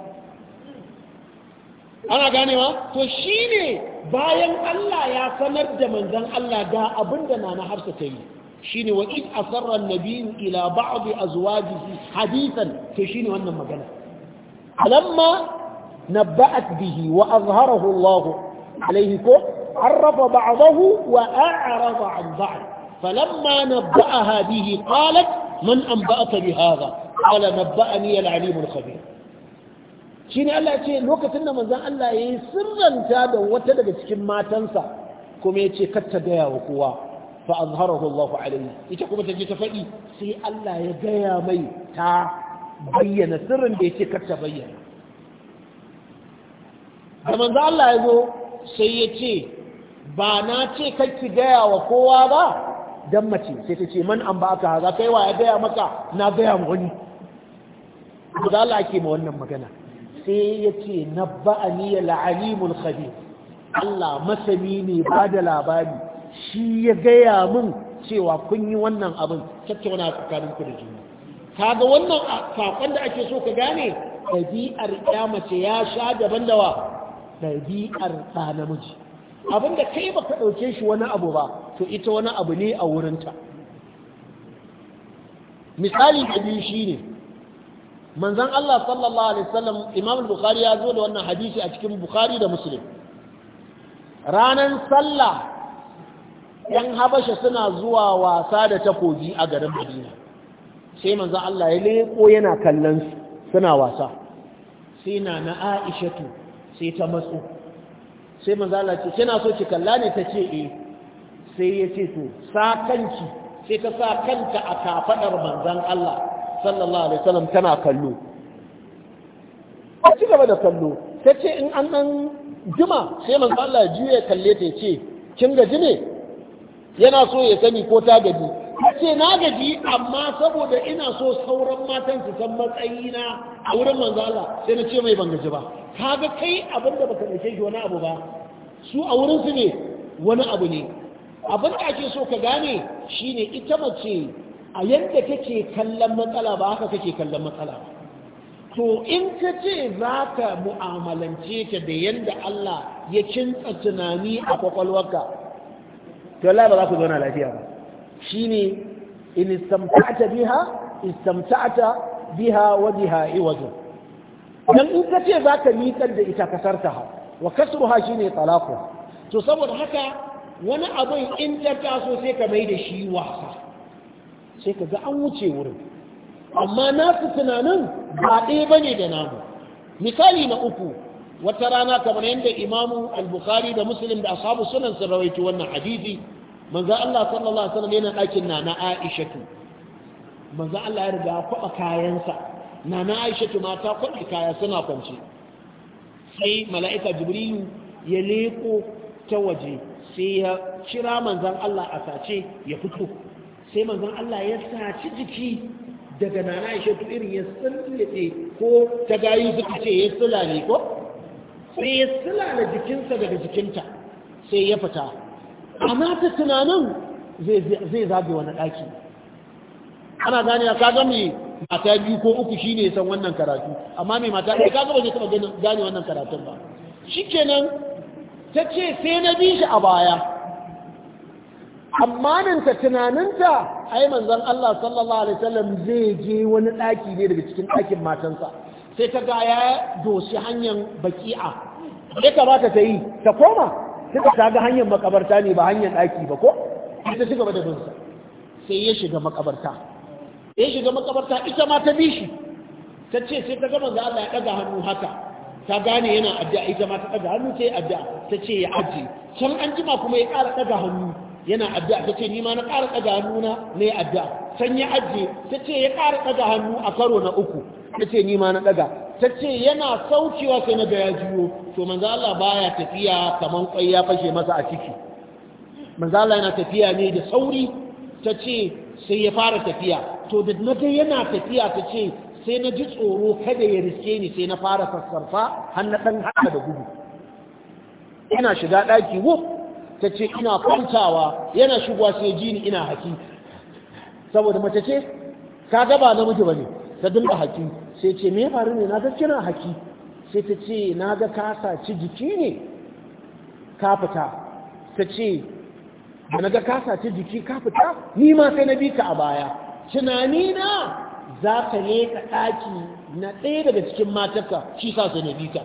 ana ganewa to shine bayan Allah ya sanar da manzon Allah ga abinda nana na ta yi shine wa id asarra an-nabiyyu ila ba'd azwajihi hadithan to shine wannan magana alamma nabba'at bihi wa azharahu Allah alayhi ko عرف بعضه وأعرض عن بعض فلما نبأها به قالت من أنبأك بهذا قال نبأني العليم الخبير shine Allah ya lokacin da manzon Allah ya yi sirranta da wata daga cikin matansa kuma ya ce katta gaya wa kowa fa azharahu Allah alayhi ita kuma ta je ta faɗi sai Allah ya gaya mai ta bayyana sirrin da yake bayyana da manzon Allah ya zo sai ya ce ba na ce ki gaya wa kowa ba dan mace sai ta ce man an ba aka haza kai wa ya gaya maka na gaya ma wani da Allah ke ma wannan magana sai ya ce na ba'ani ya la'alimul khabir Allah masani ne ba da labari shi ya gaya min cewa kun yi wannan abin tattauna tsakanin ku da juna kaga wannan sakon da ake so ka gane ɗabi'ar ya mace ya sha daban dawa ɗabi'ar ɗa namiji abinda kai baka ɗauke shi wani abu ba to ita wani abu ne a wurinta misali da biyu shine manzon Allah sallallahu alaihi wasallam Imam bukhari ya zo da wannan hadisi a cikin Bukhari da Muslim ranan sallah yan habasha suna zuwa wasa da takobi a garin Madina sai manzon Allah ya leko yana kallon su suna wasa sai na na Aishatu sai ta matsu sai manzala ce kina so ki kalla ne ta ce eh sai ya ce to sa kanki sai ta sa kanka a kafadar manzan Allah sallallahu alaihi wasallam tana kallo ci gaba da kallo ta ce in an dan jima sai maza Allah ya juye kalle ta ce kin gaji ne yana so ya sani ko ta gaji a ce na gaji amma saboda ina so sauran matan su san matsayina a wurin manzala sai na ce mai ban gaji ba kaga kai abinda baka dace shi wani abu ba su a wurin su ne wani abu ne abin da ake so ka gane shine ita mace a yadda kake kallon matsala ba haka kake kallon matsala to in ka ce za ka mu'amalance ta da yadda Allah ya kinsa tunani a kwakwalwarka to Allah ba za ku zauna lafiya ba shine in istamta'ta biha istamta'ta biha wa biha iwajun dan in kace zaka miƙar da ita kasarta wa shi shine talaqu to saboda haka wani abin in ta taso sai ka mai da shi wasa sai ka ga an wuce wurin amma nasu tunanin ba ɗaya bane da namu misali na uku wata rana kamar yadda imamu al-bukhari da muslim da ashabu sunan sun rawaito wannan hadisi manzo Allah sallallahu alaihi wasallam yana dakin nana Aisha tu manzo Allah ya riga kwaba kayansa nana Aisha tu ma ta kwabe kaya suna kwance sai mala'ika Jibrilu ya leko ta waje sai ya kira manzon Allah a sace ya fito sai manzon Allah ya saci jiki daga nana Aisha tu irin ya tsallace ko ta gayu suka ce ya tsula ne ko sai ya tsula jikinsa daga jikinta sai ya fita amma ta tunanin zai zage wani ɗaki ana gane a kaga mai mata biyu ko uku shine ya san wannan karatu amma mai mata ɗaya kaga ba zai taɓa gane wannan karatun ba kenan ta ce sai na bi shi a baya ta tunaninta ai manzan Allah sallallahu alaihi wasallam zai je wani daki ne daga cikin dakin matansa sai ta ga ya doshi hanyar baki'a sai ka ta yi ta koma suka ta ga hanyar makabarta ne ba hanyar ɗaki ba ko ita suka ba da binsa sai ya shiga makabarta ya shiga makabarta ita ma ta bishi ta ce sai ta gama za Allah ya ɗaga hannu haka ta gane yana addu'a ita ma ta ɗaga hannu sai addu'a ta ce ya ajiye can an jima kuma ya ƙara ɗaga hannu yana addu'a ta ce ni ma na ƙara ɗaga hannu na ne addu'a can ya ajiye ta ce ya ƙara ɗaga hannu a karo na uku ta ce ni ma na ɗaga ta ce yana saukewa sai na ga ya to manzo Allah baya tafiya kaman kwai ya fashe masa a ciki manzo Allah yana tafiya ne da sauri ta ce sai ya fara tafiya to da na ga yana tafiya ta ce sai na ji tsoro kada ya riske ni sai na fara sassarfa har na dan haka da gudu ina shiga daki wuf ta ce ina kwantawa yana shigowa sai ji ni ina haki saboda mace ce ka gaba namiji bane ta dinga haki sai ce me faru ne na ga kina haki sai ta ce na ga kasa ci jiki ne ka fita ta ce da na ga kasa ci jiki ka fita ni ma sai na bi ka a baya tunani na za ka ka ɗaki na ɗaya daga cikin matarka shi sa sai na bi ka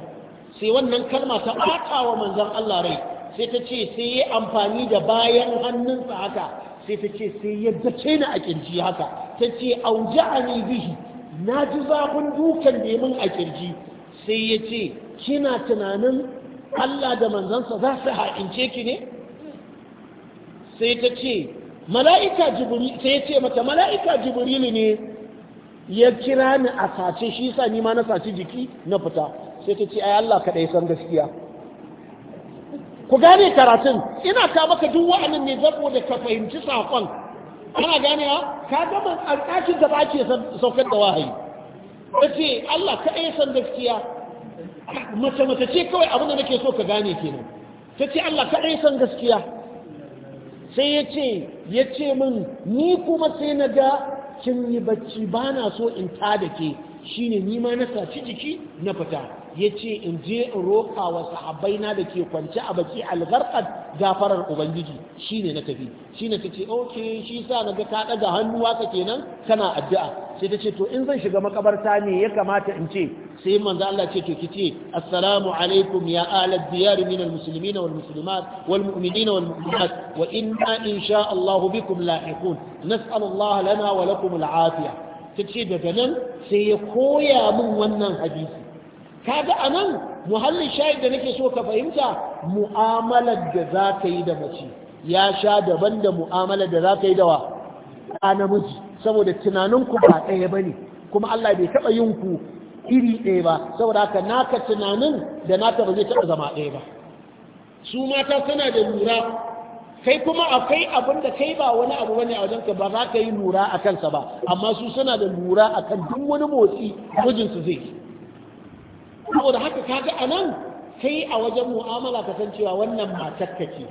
sai wannan kalma ta ɓata wa manzan Allah rai sai ta ce sai ya amfani da bayan hannunsa haka sai ta ce sai ya ce na a kirji haka ta ce auja ani bihi na ji zafin dukan neman a kirji sai ya ce kina tunanin Allah da manzansa za su ha'ince ki ne sai ta ce mala'ika jibril sai ya ce mata mala'ika jibrilu ne ya kira ni a sace shi sa ni ma na sace jiki na fita sai ta ce ai Allah kaɗai san gaskiya ku gane karatun ina ka maka duk wa'annan ne da ka fahimci sakon. Ana ganewa ka gama a da ba ake saukar da wahayi ta ce Allah ka san gaskiya mace mace ce kawai abin da nake so ka gane kenan ta ce Allah ka san gaskiya sai ya ce ya ce min ni kuma sai na ga kin yi bacci ba na so in ta da ke Shi ne ma na saci jiki na fita yace in je in roƙa wa sahabbai na da ke kwance a baki algarqad gafarar ubangiji ne na tafi ta ce okay shi sa na ga-kaɗaga hannu waka kenan kana addu'a sai tace to in zan shiga makabarta ne ya kamata in ce sai manzo Allah ce to kice assalamu alaikum ya ahla diyar min almuslimin wal muslimat wal mu'minin wal mu'minat wa inna insha Allah bikum lahiqun nasalullah lana wa lakum al afiyah ta ce daga nan sai ya koya min wannan hadisi kaga a nan muhallin shayar da nake so ka fahimta mu'amalar da za ka yi da mace ya sha daban da mu'amalar da za ka yi da wa a namiji saboda tunaninku ba ɗaya ba ne kuma Allah bai taɓa yin ku iri ɗaya ba saboda haka naka tunanin da naka ba zai taɓa zama ɗaya ba su mata suna da lura kai kuma akwai abin da kai ba wani abu bane a wajenka ba za ka yi lura a kansa ba amma su suna da lura a kan duk wani motsi mijinsu zai yi saboda haka kaga a nan kai a wajen mu'amala ka san cewa wannan matakka ce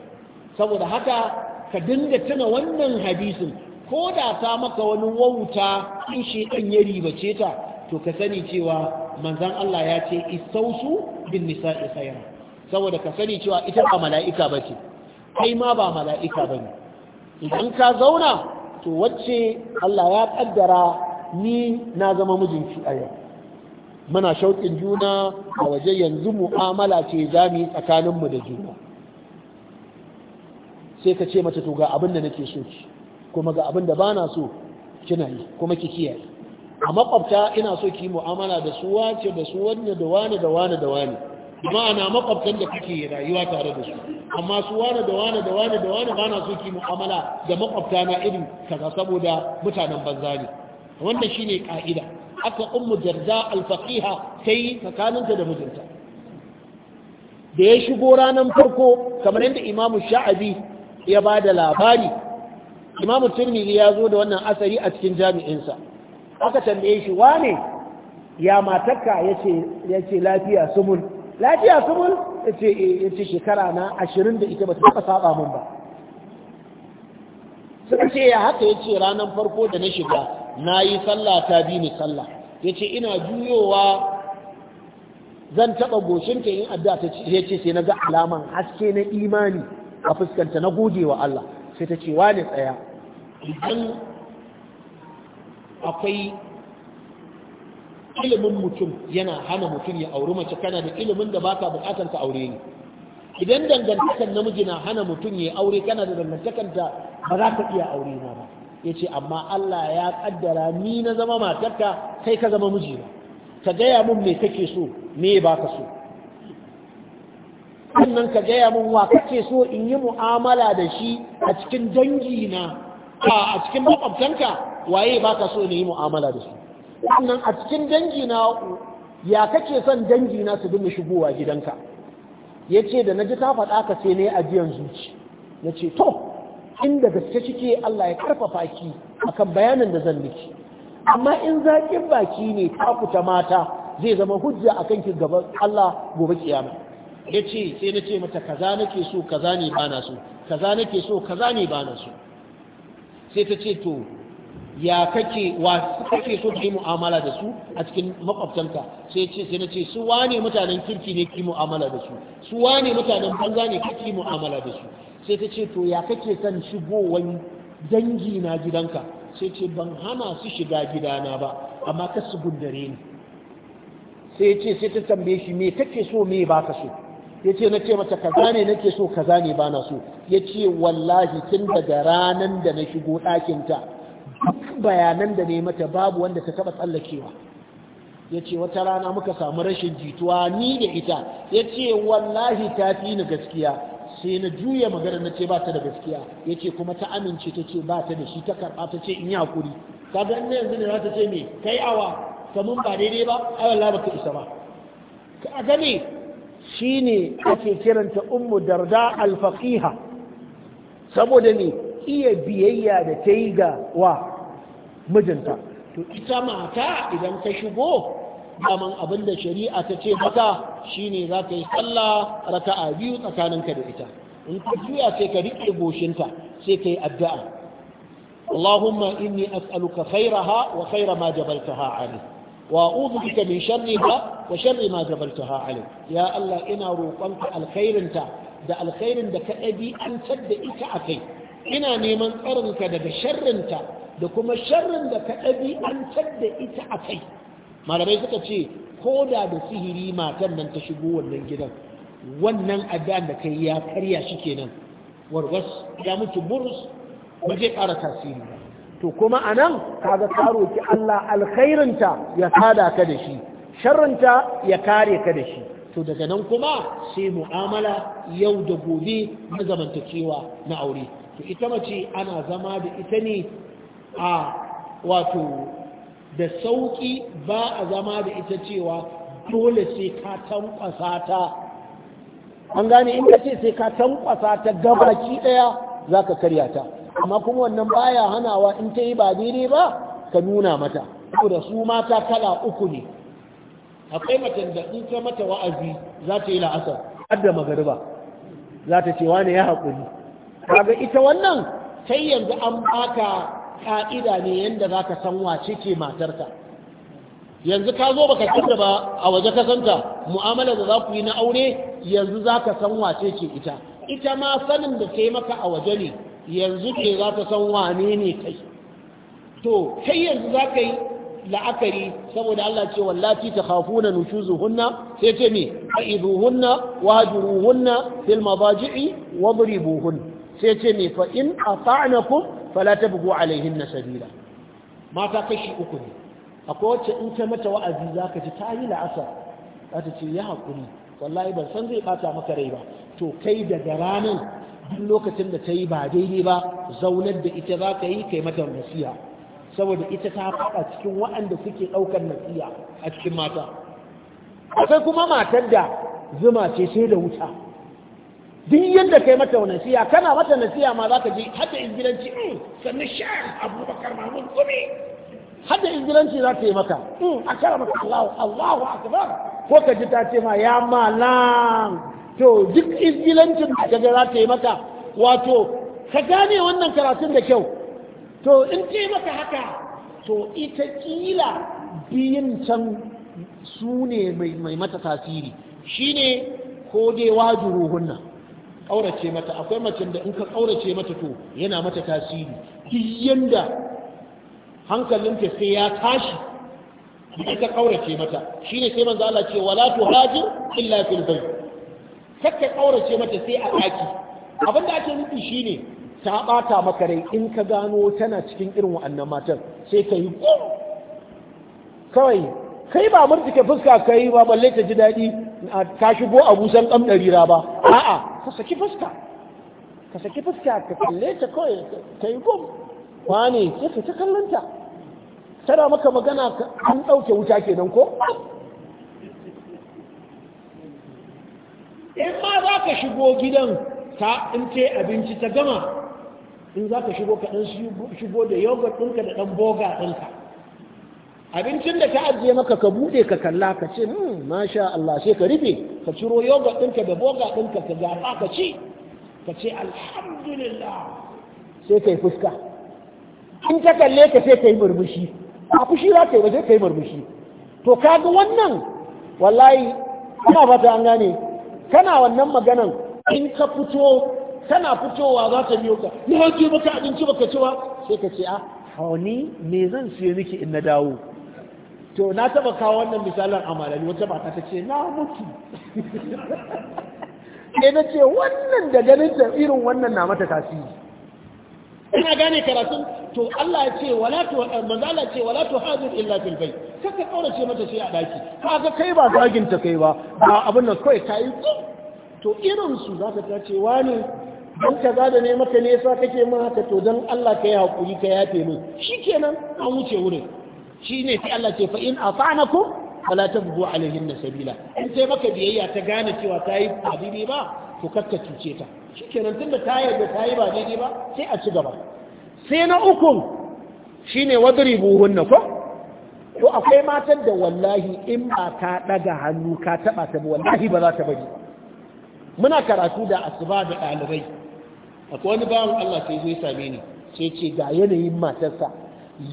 saboda haka ka dinga tuna wannan hadisin ko da ta maka wani wauta in shi ɗan ya ribace ta to ka sani cewa manzan Allah ya ce isausu bin nisa'i khayra saboda ka sani cewa ita ba mala'ika bace kai ma ba mala'ika ba ne. idan ka zauna to wacce Allah ya ƙaddara ni na zama mijinki a yau muna shauƙin juna a waje yanzu mu'amala ce yi tsakaninmu da juna sai ka ce mace to ga abin da nake so ki kuma ga abin da ba na so kina yi kuma ki kiyaye a makwabta ina so ki mu'amala da su wace da su wanne da wane da wane da wane ma'ana makwabtan da kuke rayuwa tare da su amma su wane da wane da wane da wane ba na so ki mu'amala da makwabta na irin kaza saboda mutanen banza ne wannan shine ka'ida aka ummu jarda al-faqiha sai tsakaninta da mijinta da ya shigo ranar farko kamar yadda imamu sha'abi ya ba da labari imamu turmili ya zo da wannan asari a cikin jami'insa aka tambaye shi wane ya matakka ya ce lafiya sumun lafiya sumul ya ce eh, shekara na ashirin da ita ba ta taba saba min ba suka ce ya haka ya ce ranar farko da na shiga na yi sallah ta bi ni sallah ya ce ina juyowa zan taɓa goshinta yin addu'a ta ce ya sai na ga alaman haske na imani a fuskanta na gode wa Allah sai ta ce wani tsaya idan akwai ilimin mutum yana hana mutum ya auri mace kana da ilimin da baka bukatar ka aure ni idan dangantakan namiji na hana mutum ya aure kana da dangantakan da ba za ka iya aure na ba yace amma Allah ya kaddara ni na zama matarka kai ka zama miji ka gaya mun me kake so me baka so sannan ka gaya mun wa kake so in yi mu'amala da shi a cikin dangi na a cikin makwabtanka waye baka so ne yi mu'amala da shi wannan a cikin dangi na ya kake son dangi na su dinga shigowa gidanka ya ce da na ji ta faɗa ka sai ne ajiyan zuci Ya ce to inda gaske cike Allah ya karfafa ki akan bayanin da zan miki amma in zaƙin baki ne ta kuta mata zai zama hujja akan ki gaba Allah gobe kiyama ya ce sai na ce mata kaza nake so kaza ne bana so kaza nake so kaza ne bana so sai ta ce to ya kake wa kake so ki mu'amala da su a cikin makwabtanka sai ce sai nace su wane mutanen kirki ne ki mu'amala da su su wane mutanen banza ne kake mu'amala da su sai ta ce to ya kake son wani dangi na gidanka sai ce ban hana su shiga gidana ba amma ka su gundare ni sai ce sai ta tambaye shi me kake so me baka so ya ce na ce mata kaza ne nake so kaza ne bana so ya ce wallahi tun daga ranan da na shigo ɗakinta bayanan da ne mata babu wanda ta taba tsallakewa ya ce wata rana muka samu rashin jituwa ni da ita ya ce wallahi ta fi ni gaskiya sai na juya magana na ce ba ta da gaskiya ya ce kuma ta amince ta ce ba ta da shi ta karɓa ta ce in yi hakuri Ta ga in yanzu ne za ta ce me kai awa kamun ba daidai ba A yalla ba ka isa ba ka a gane shine ake kiranta ummu darda al-faqiha saboda ne iya biyayya da ta yi ga wa mijinta to ita mata idan ka shigo daman abin da shari'a ta ce maka shine za ka yi raka a biyu tsakaninka da ita in ka juya sai ka riƙe goshinta sai ka yi addu'a Allahumma inni as'aluka khairaha wa khaira ma jabaltaha alayhi وأعوذ بك من شرها وشر ما جبلتها عليه يا الله إنا روقنك الخير انت da alkhairin da ka ɗabi an da ita a kai ina neman tsarinka daga sharrinta da kuma sharrin da ka ɗabi'antar da ita a kai malamai suka ce ko da da sihiri matan nan ta shigo wannan gidan wannan addu'an da kai ya karya shi kenan warwas ya mutu burus ba zai ƙara tasiri ba to kuma a nan kaga ka roki Allah alkhairinta ya sada ka da shi sharrinta ya kare ka da shi to daga nan kuma sai mu'amala yau da gobe na zamantakewa na aure to ita mace ana zama da ita ne a wato da sauki ba a zama da ita cewa dole sai ka tankwasa ta an gane in ka ce sai ka tankwasa ta gabaki daya za ka karya ta amma kuma wannan baya hanawa in ta yi ba daidai ba ka nuna mata da su mata kala uku ne akwai macen da in ka mata wa'azi za ta yi la'asar har da magariba za ta ce wani ya haƙuri kaga ita wannan sai yanzu an baka Ka'ida ne yadda za ka san wace ce matarka yanzu ka zo ka kanta ba a waje ka santa mu'amala da za ku yi na aure yanzu za ka san wace ce ita ita ma sanin da ta maka a waje ne yanzu ke za ta san wane ne kai to kai yanzu za ka yi la'akari saboda Allah ce wallati ta khafuna nushuzuhunna sai ce me fa'iduhunna wahjuruhunna fil madaji'i buhun, sai ce me fa in ata'nakum fala tabghu alaihinna sabila mata kashi uku ne akwai wacce in ta mata wa'azi zaka ji ta yi la'asa za ta ce ya hakuri wallahi ban san zai bata maka rai ba to kai daga ranar duk lokacin da ta yi ba daidai ba zaunar da ita za ka yi kai mata nasiha saboda ita ta faɗa cikin wa'anda suke ɗaukar nasiha a cikin mata akwai kuma matar da zuma ce sai da wuta duk yadda kai mata nasiya kana mata nasiya ma za ka ji hada izgilanci mm, sannu shan abubakar mahmud gumi Hata izgilanci za ta yi maka mm, a kara maka allahu allahu akbar ko ka ji ta ce ma ya malam to duk izgilancin da ka za ta yi maka wato ka gane wannan karatun da kyau to in ce maka haka to ita kila biyun can su ne mai mata tasiri shine ko dai wajiruhunna ƙaurace mata akwai macen da in ka ƙaurace mata to yana mata tasiri duk yanda ta sai ya tashi in ka ƙaurace mata shine sai manzo Allah ce wala tuhajir illa fil bayt ka ƙaurace mata sai a ɗaki abin da ake nufi shine ta ɓata maka rai in ka gano tana cikin irin wa'annan matan sai ka yi kawai kai ba murtuke fuska kai ba balle ta ji daɗi ka shigo a busan kam ɗari ba a'a ka saki fuska ka saki fuska ka kalle ta kawai ta yi gom wane sai ka ta kallonta tana maka magana an ɗauke wuta kenan ko in ma za ka shigo gidan ta in ce abinci ta gama in za ka shigo ka ɗan shigo da yogurt ɗinka da ɗan boga ɗinka abincin da ta ajiye maka ka bude ka kalla ka ce hmm, masha Allah sai ka rufe ka ciro yogurt ɗinka da boga ɗinka ka zaɓa ka ci ka ce alhamdulillah sai ka yi fuska in ta kalle ka sai ka yi murmushi a fushi za ka yi waje ka yi murmushi to kaga wannan wallahi kana fata an gane kana wannan maganan in ka fito kana fitowa za ta biyo ka na hajji maka abinci baka cewa sai ka ce a ah, hauni me zan siyo miki in na dawo to na taba kawo wannan misalin a malami wata mata ta ce na mutu sai na ce wannan da ganin ta irin wannan na mata tasiri ina gane karatun to Allah ya ce wala to manzo Allah ce wala to hadir illa fil bayt kaka ce mata sai a daki kaga kai ba zagin ta kai ba ba abin nan kai kai to irin su za ta ce wani dan kaza da ne maka ne sa kake mun haka to dan Allah kai hakuri ka yafe min shikenan an wuce wurin Shi ne sai Allah ce fa in buhu a tabghu alaihin sabila in sai maka biyayya ta gane cewa ta yi ba daidai ba to kakka cuce ta shikenan tunda ta yarda ta yi ba daidai ba sai a ci gaba sai na uku shi ne shine na ko to akwai matan da wallahi in ba ka daga hannu ka taba ta wallahi ba za ta bari muna karatu da asuba da ɗalibai akwai wani bawan Allah sai zai same ni sai ce ga yanayin matarsa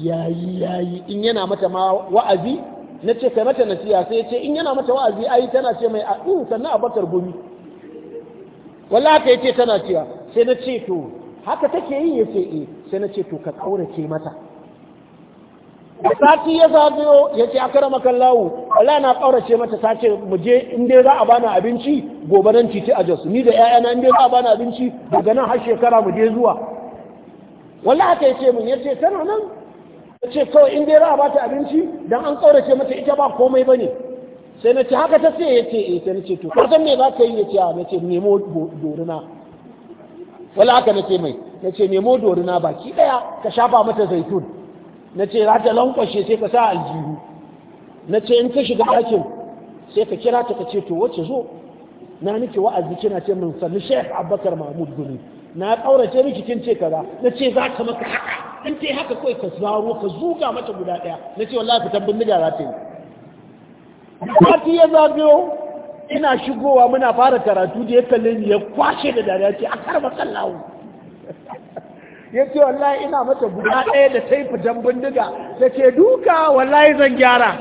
yayi yayi in yana mata ma wa'azi na ce kai mata nasiya sai ce in yana mata wa'azi ai tana ce mai a'u ah, mm, sannan abakar gumi wallahi haka yace tana cewa sai na ce to haka take yi yace eh sai na ce to ka kaurace mata sati ya zagayo ya ce aka rama kallawo wala na kaurace mata ta ce mu je in dai za a bani abinci gobe nan titi a jos ni da ƴaƴana in dai za a bani abinci daga nan har shekara mu je zuwa wala haka ya ce mun yace tana nan ta ce kawai in dai ba ta abinci don an ƙaurace mata ita ba komai ba ne sai na ce haka ta sai ya ce eh na ce to kasan ne za ka yi ya ce a ah, na ce nemo dorina wala haka na ce mai na ce nemo dorina ki ɗaya ka shafa mata zaitun na ce za ta lankwashe sai ka sa aljihu na ce in ka shiga ɗakin sai ka kira ta ka ce to wacce zo na nake wa'azi kina ce min sannu shek abubakar mahmud gumi na ƙaurace miki kin ce kaza na ce za ka maka haka in ce haka kawai ka zaro ka zuga mata guda ɗaya na ce wallahi fitan bindiga za ta yi sati ya zagayo ina shigowa muna fara karatu da ya kalle ni ya kwashe da dariya ce a karba kallawo ya ce wallahi ina mata guda ɗaya da ta yi fitan bindiga ta ce duka wallahi zan gyara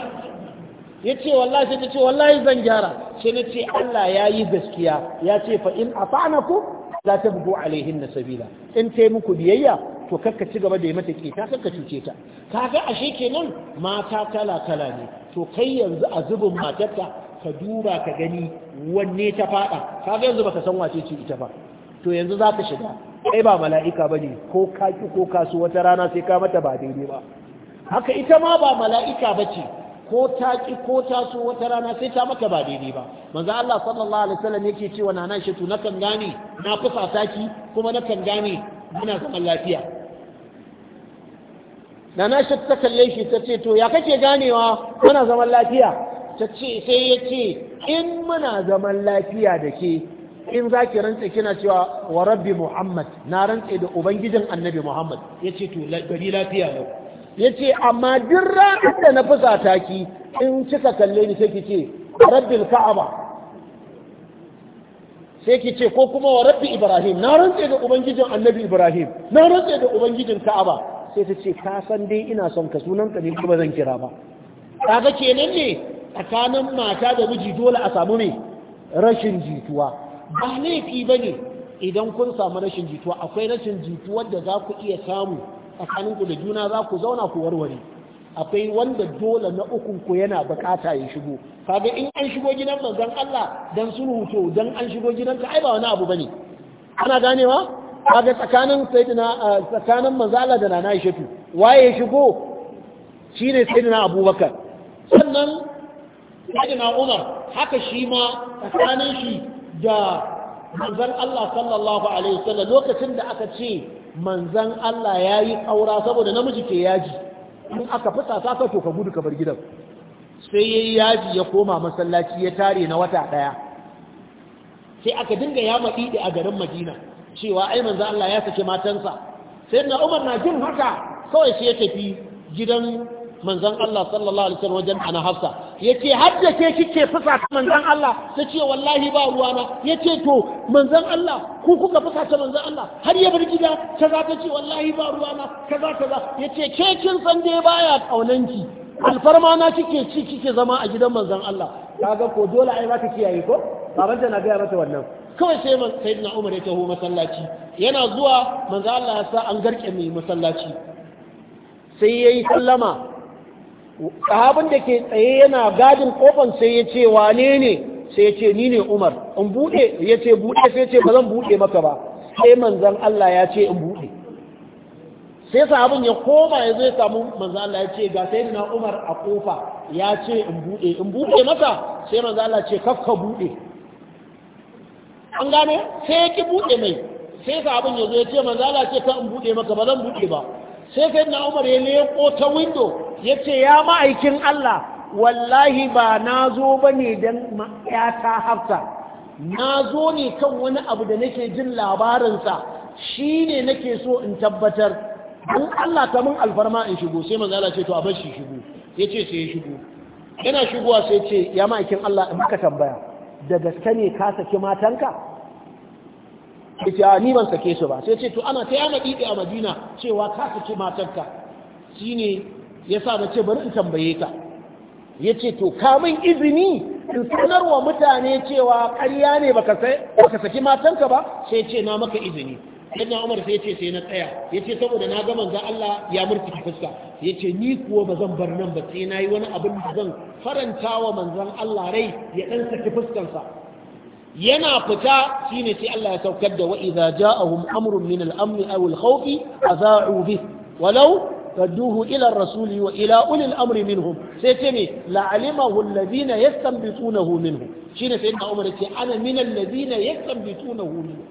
ya ce wallahi sai ta ce wallahi zan gyara sai na ce Allah ya yi gaskiya ya ce fa in afanaku la alaihin na sabila in tai muku biyayya to karka ci gaba da yi mata ƙeta, karka cuce ta kaga ashe kenan mata kala kala ne to kai yanzu a zubin matarka ka duba ka gani wanne ta fada kaga yanzu baka san wace ce ita ba to yanzu za ka shiga kai ba mala'ika ne ko kaki ko kasu wata rana sai ka mata ba daidai ba haka ita ma ba mala'ika ba ce. ko ta ki ko ta so wata rana sai ta maka ba daidai ba manzo Allah sallallahu alaihi wasallam yake cewa na shi to nakan gane na fusata ki kuma nakan gane muna zaman lafiya na shi ta kalle shi ta ce to ya kake ganewa muna zaman lafiya ta ce sai ya ce in muna zaman lafiya da ke in za ki rantse kina cewa wa rabbi muhammad na rantse da ubangijin annabi muhammad ya ce to gari lafiya lau ya ce amma duk ranar da na fusa ki in cika kalle ni sai ki ce rabbil ka'aba sai ki ce ko kuma wa rabbi ibrahim na rantse da ubangijin annabi ibrahim na rantse da ubangijin ka'aba sai ta ce ka san dai ina son ka sunan ka ne kuma zan kira ba kaga kenan ne tsakanin mata da miji dole a samu ne rashin jituwa ba laifi bane idan kun samu rashin jituwa akwai rashin jituwar da za ku iya samu tsakaninku da juna za ku zauna ku warware akwai wanda dole na ukun ku yana bukata ya shigo kaga in an shigo gidan manzon Allah dan sun to dan an shigo gidan ai ba wani abu bane ana ganewa kaga tsakanin sayyidina eh, tsakanin manzon Allah da nana Aishatu waye ya shigo shine sayyidina Abubakar sannan sayyidina Umar haka shi ma tsakanin shi da manzon Allah sallallahu alaihi wasallam lokacin da aka ce manzan Allah ya yi aura saboda namiji ke yaji in aka fita ta ka to ka gudu ka bar gidan sai ya yi yaji ya koma masallaci ya tare na wata ɗaya sai aka dinga ya maɗiɗe a garin madina cewa ai manzan Allah ya sake matansa sai na umar na jin haka kawai sai ya tafi gidan Manzan Allah sallallahu alaihi wajen ana hafsa yace har da ke kike fusa ta manzan Allah ce wallahi ba ruwana yace to manzan Allah ku kuka fusa ta Allah har ya bar gida ta za ta ce wallahi ba ruwana za? Ya yace ke kin san dai baya kaunanki alfarma na kike ci kike zama a gidan manzan Allah kaga ko dole ai ka kiyaye ko babanta na ga mata wannan kawai sai sayyidina Umar ya taho masallaci yana zuwa manzan Allah ya sa an garke mai masallaci sai yayi sallama sahabin da ke tsaye yana gadin kofan sai ya ce wane ne sai ya ce ni ne umar in buɗe ya ce buɗe sai ce ba zan buɗe maka ba sai manzan Allah ya ce in buɗe sai sahabin ya koma ya zai samu manzan Allah ya ce ga sai na umar a kofa ya ce in buɗe in buɗe maka sai manzan Allah ce kafka buɗe an gane sai ya ki buɗe mai sai sahabin ya zai ce manzan Allah ce ka in buɗe maka ba zan buɗe ba sai sai na umar ya leko ta windo ya ce ya ma'aikin Allah wallahi ba na zo ba ne don ta hafta na zo ne kan wani abu da nake jin labarinsa shi ne nake so in tabbatar don Allah ta mun alfarma in shigo sai manzala ce to a bashi shigo ya ce sai ya shigo yana shigowa sai ce ya ma'aikin Allah in maka tambaya da gaske ne ka saki matanka yace ni ban sake su ba sai ce to ana ta yana didi a Madina cewa ka sake matarka shine yasa na ce bari in tambaye ka yace to ka min izini in sanarwa mutane cewa ƙarya ne baka sai baka saki matanka ba sai ce na maka izini dan Umar sai yace sai na tsaya yace saboda na ga manzo Allah ya murtuki fuska yace ni kuwa bazan bar nan ba sai nayi wani abin da zan faranta wa manzon Allah rai ya dan saki fuskansa yana fita shine sai Allah ya saukar da wa idza ja'ahum amrun min al-amn aw al-khawf adha'u bih walau radduhu ila ar-rasuli wa ila uli al-amri minhum sai ce ne la'alimahu alladhina yastanbitunahu minhu shine sai da Umar ce ana min alladhina yastanbitunahu minhu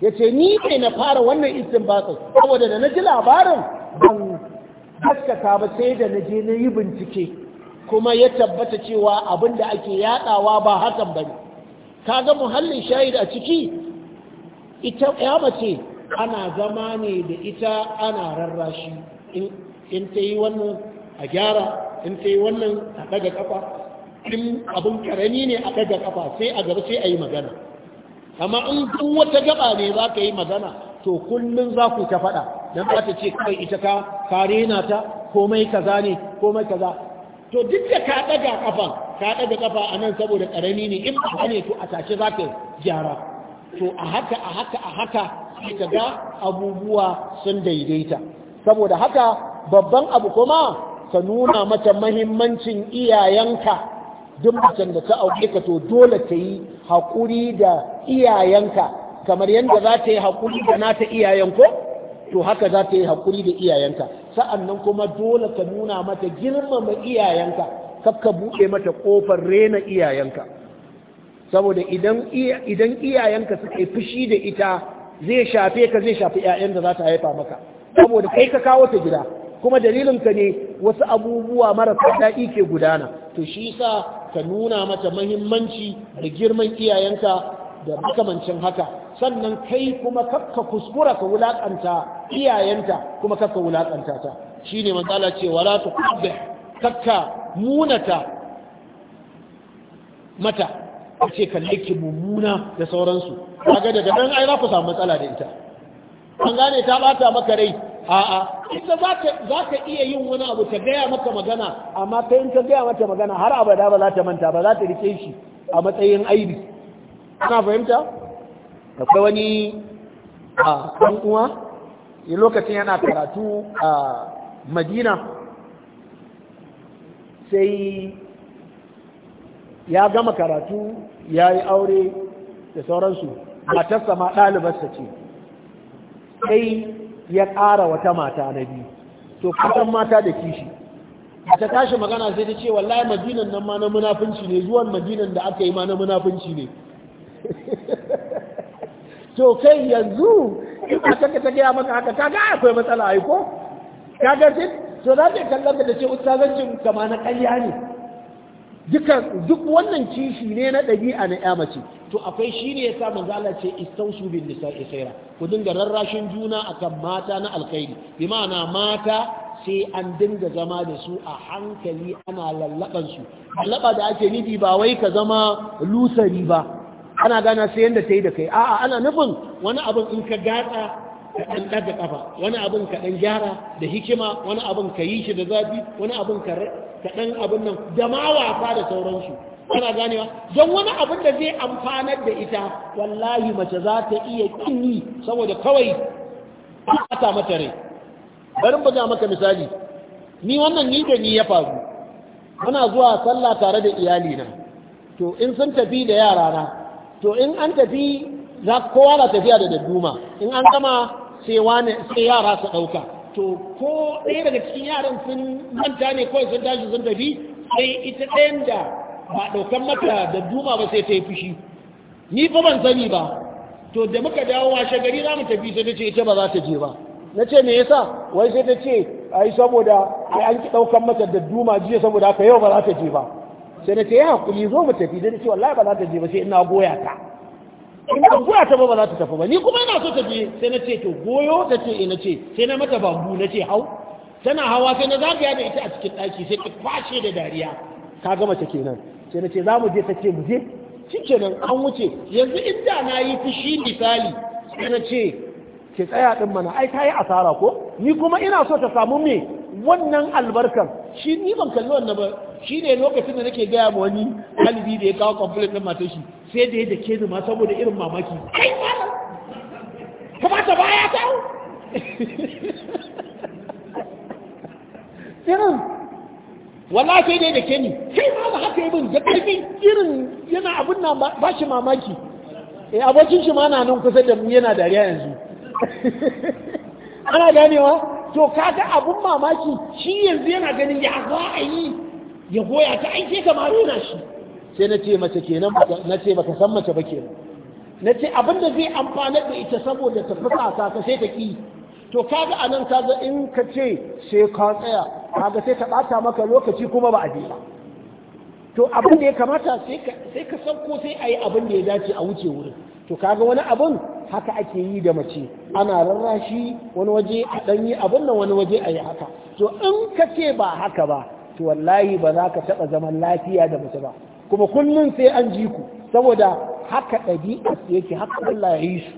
yace ni kai na fara wannan istinbatin saboda da naji labarin ban haskaka ba sai da naje na yi bincike kuma ya tabbata cewa abin da ake yadawa ba hakan bane Ka ga muhallin shahid a ciki ita ya mace ana zama ne da ita ana rarrashi in ta yi wannan a gyara in ta yi wannan a daga kafa in abin karami ne a daga kafa sai a gaba sai a yi magana amma in kun wata gaba ne za ka yi magana to kullum za ku ta faɗa don ba ta ce kawai ita ka kare na komai kaza ne komai kaza to duk da ka ɗaga ƙafan ka ɗaga ƙafa a nan saboda ƙarami ne in ba ne to a tashi za ka gyara to a haka a haka a haka sai ka ga abubuwa sun daidaita saboda haka babban abu kuma ka nuna mata mahimmancin iyayenka duk da ta auke ka to dole ka yi haƙuri da iyayenka kamar yadda za ta yi haƙuri da nata iyayen ko to haka za ta yi haƙuri da iyayenka nan kuma dole ka nuna mata girmama iyayenka kakka buɗe mata ƙofar rena iyayenka saboda idan iyayenka suka yi fushi da ita zai shafe ka zai shafi 'ya'yan da za ta haifa maka saboda kai ka kawo ta gida kuma dalilinka ne wasu abubuwa marasa daɗi ke gudana to shi sa ka nuna mata mahimmanci da girman iyayenka da makamancin haka sannan kai kuma kakka kuskura ka wulakanta iyayenta kuma kakka wulakanta ta shine matsala ce wa ta kubbe kakka munata mata ce kalle ki mummuna da sauransu kaga daga nan ai za ku samu matsala da ita an gane ta bata maka rai a'a ita za ka iya yin wani abu ta gaya maka magana amma kai in ka gaya mata magana har abada ba za ta manta ba za ta rike shi a matsayin aibi Kana fahimta akwai wani a ɗan uwa lokacin yana karatu a madina sai ya gama karatu ya yi aure da sauransu matarsa ma ɗalibarsa ce sai ya ƙara wata mata na biyu to kasan mata da kishi ta tashi magana sai ta ce wallahi madinan nan ma na munafunci ne zuwan madinan da aka yi ma na munafunci ne to kai yanzu ina a ta gaya maka haka kaga akwai matsala ai ko kaga ce to da ke kallon da ce ustazancin kama na ƙarya ne duka duk wannan kishi ne na ɗabi'a na ya mace to akwai shi ne ya sa manzo Allah ce istausu bin nisa'i khaira ku dinga rarrashin juna akan mata na alkhairi bi ma'ana mata sai an dinga zama da su a hankali ana lallaban su lallaba da ake nufi ba wai ka zama lusari ba ana gana sai yadda ta yi da kai a'a ana nufin wani abin in ka gata ka ɗan ɗaga ƙafa wani abin ka ɗan gyara da hikima wani abin ka yi shi da zafi wani abin ka ɗan abin nan da ma wasa da sauransu ana ganewa don wani abin da zai amfanar da ita wallahi mace za ta iya yi saboda kawai ta mata rai bari buga maka misali ni wannan ni da ni ya faru muna zuwa sallah tare da iyalina to in sun tafi da yarana to in an tafi za kowa na tafiya da dadduma in an gama sai yara su ɗauka to ko ɗaya daga cikin yaran sun manta ne kawai sun tashi sun tafi sai ita ɗayan da ba ɗaukan mata dadduma ba sai ta yi fushi ni fa ban sani ba to da muka dawo washe gari za mu tafi sai ta ce ita ba za ta je ba na ce me yasa wai sai ta ce ai saboda ai an ki ɗaukan mata dadduma jiya saboda haka yau ba za ta je ba sai na ce ya hakuri zo mu tafi da ce wallahi ba za ta je ba sai ina goya ta ina goya ta ba ba za ta tafi ba ni kuma ina so ta je sai na ce to goyo da ce ina eh, ce sai na mata bambu na ce hau tana hawa sai na zagaya da ita a cikin ɗaki sai ta kwashe da dariya ka gama ta kenan sai na ce za mu je ta ce mu je shikenan an wuce yanzu inda na yi fushi misali sai na ce ke tsaya ɗin mana ai ta yi asara ko ni kuma ina so ta samu me wannan albarkar shi ni ban kalli wannan ba shi ne lokacin da nake gaya ma wani galibi da ya kawo complete ɗin matar shi sai da ya da ke ma saboda irin mamaki kamata ba ya kawo irin wala sai dai da ke ni sai ma da haka bin da ƙarfi irin yana abin na ba shi mamaki eh abokin shi ma na nan kusa da mu yana dariya yanzu ana ganewa to kaga abun mamaki shi yanzu yana ganin ya za a yi ya goya ta aike ta yana shi sai na ce mace kenan na ce baka san mace ba kenan na ce abin da zai amfana da ita saboda ta fasa ta ka sai ta ki to kaga anan kaga in ka ce sai ka tsaya kaga sai ta bata maka lokaci kuma ba a je ba to abin da ya kamata sai ka sauko sai a yi abin da ya dace a wuce wurin to kaga wani abun haka ake yi da mace ana rarrashi wani waje a yi abun nan wani waje a yi haka to in ka ce ba haka ba to wallahi ba za ka taɓa zaman lafiya da mace ba kuma kullum sai an ji ku saboda haka ɗabi'a su yake haka Allah ya yi su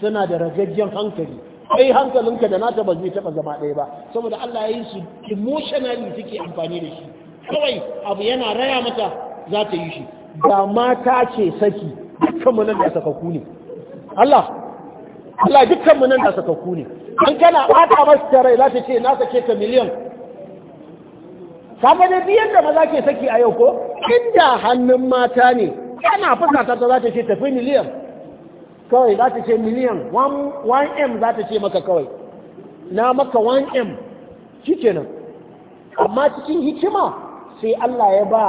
suna da ragajjen hankali ai hankalinka da nata ba zai taɓa zama ɗaya ba saboda Allah ya yi su emotionally suke amfani da shi kawai abu yana raya mata za ta yi shi da mata ce saki dukkanmu nan da sakakku ne Allah Allah dukkanmu nan da sakakku ne an kana ɓata masu tarai za ta ce na sake ka miliyan kaga da biyan da maza ke saki a yau ko inda hannun mata ne kana fusata ta za ta ce tafi miliyan kawai za ta ce miliyan 1m za ta ce maka kawai na maka 1m shi nan. amma cikin hikima sai Allah ya ba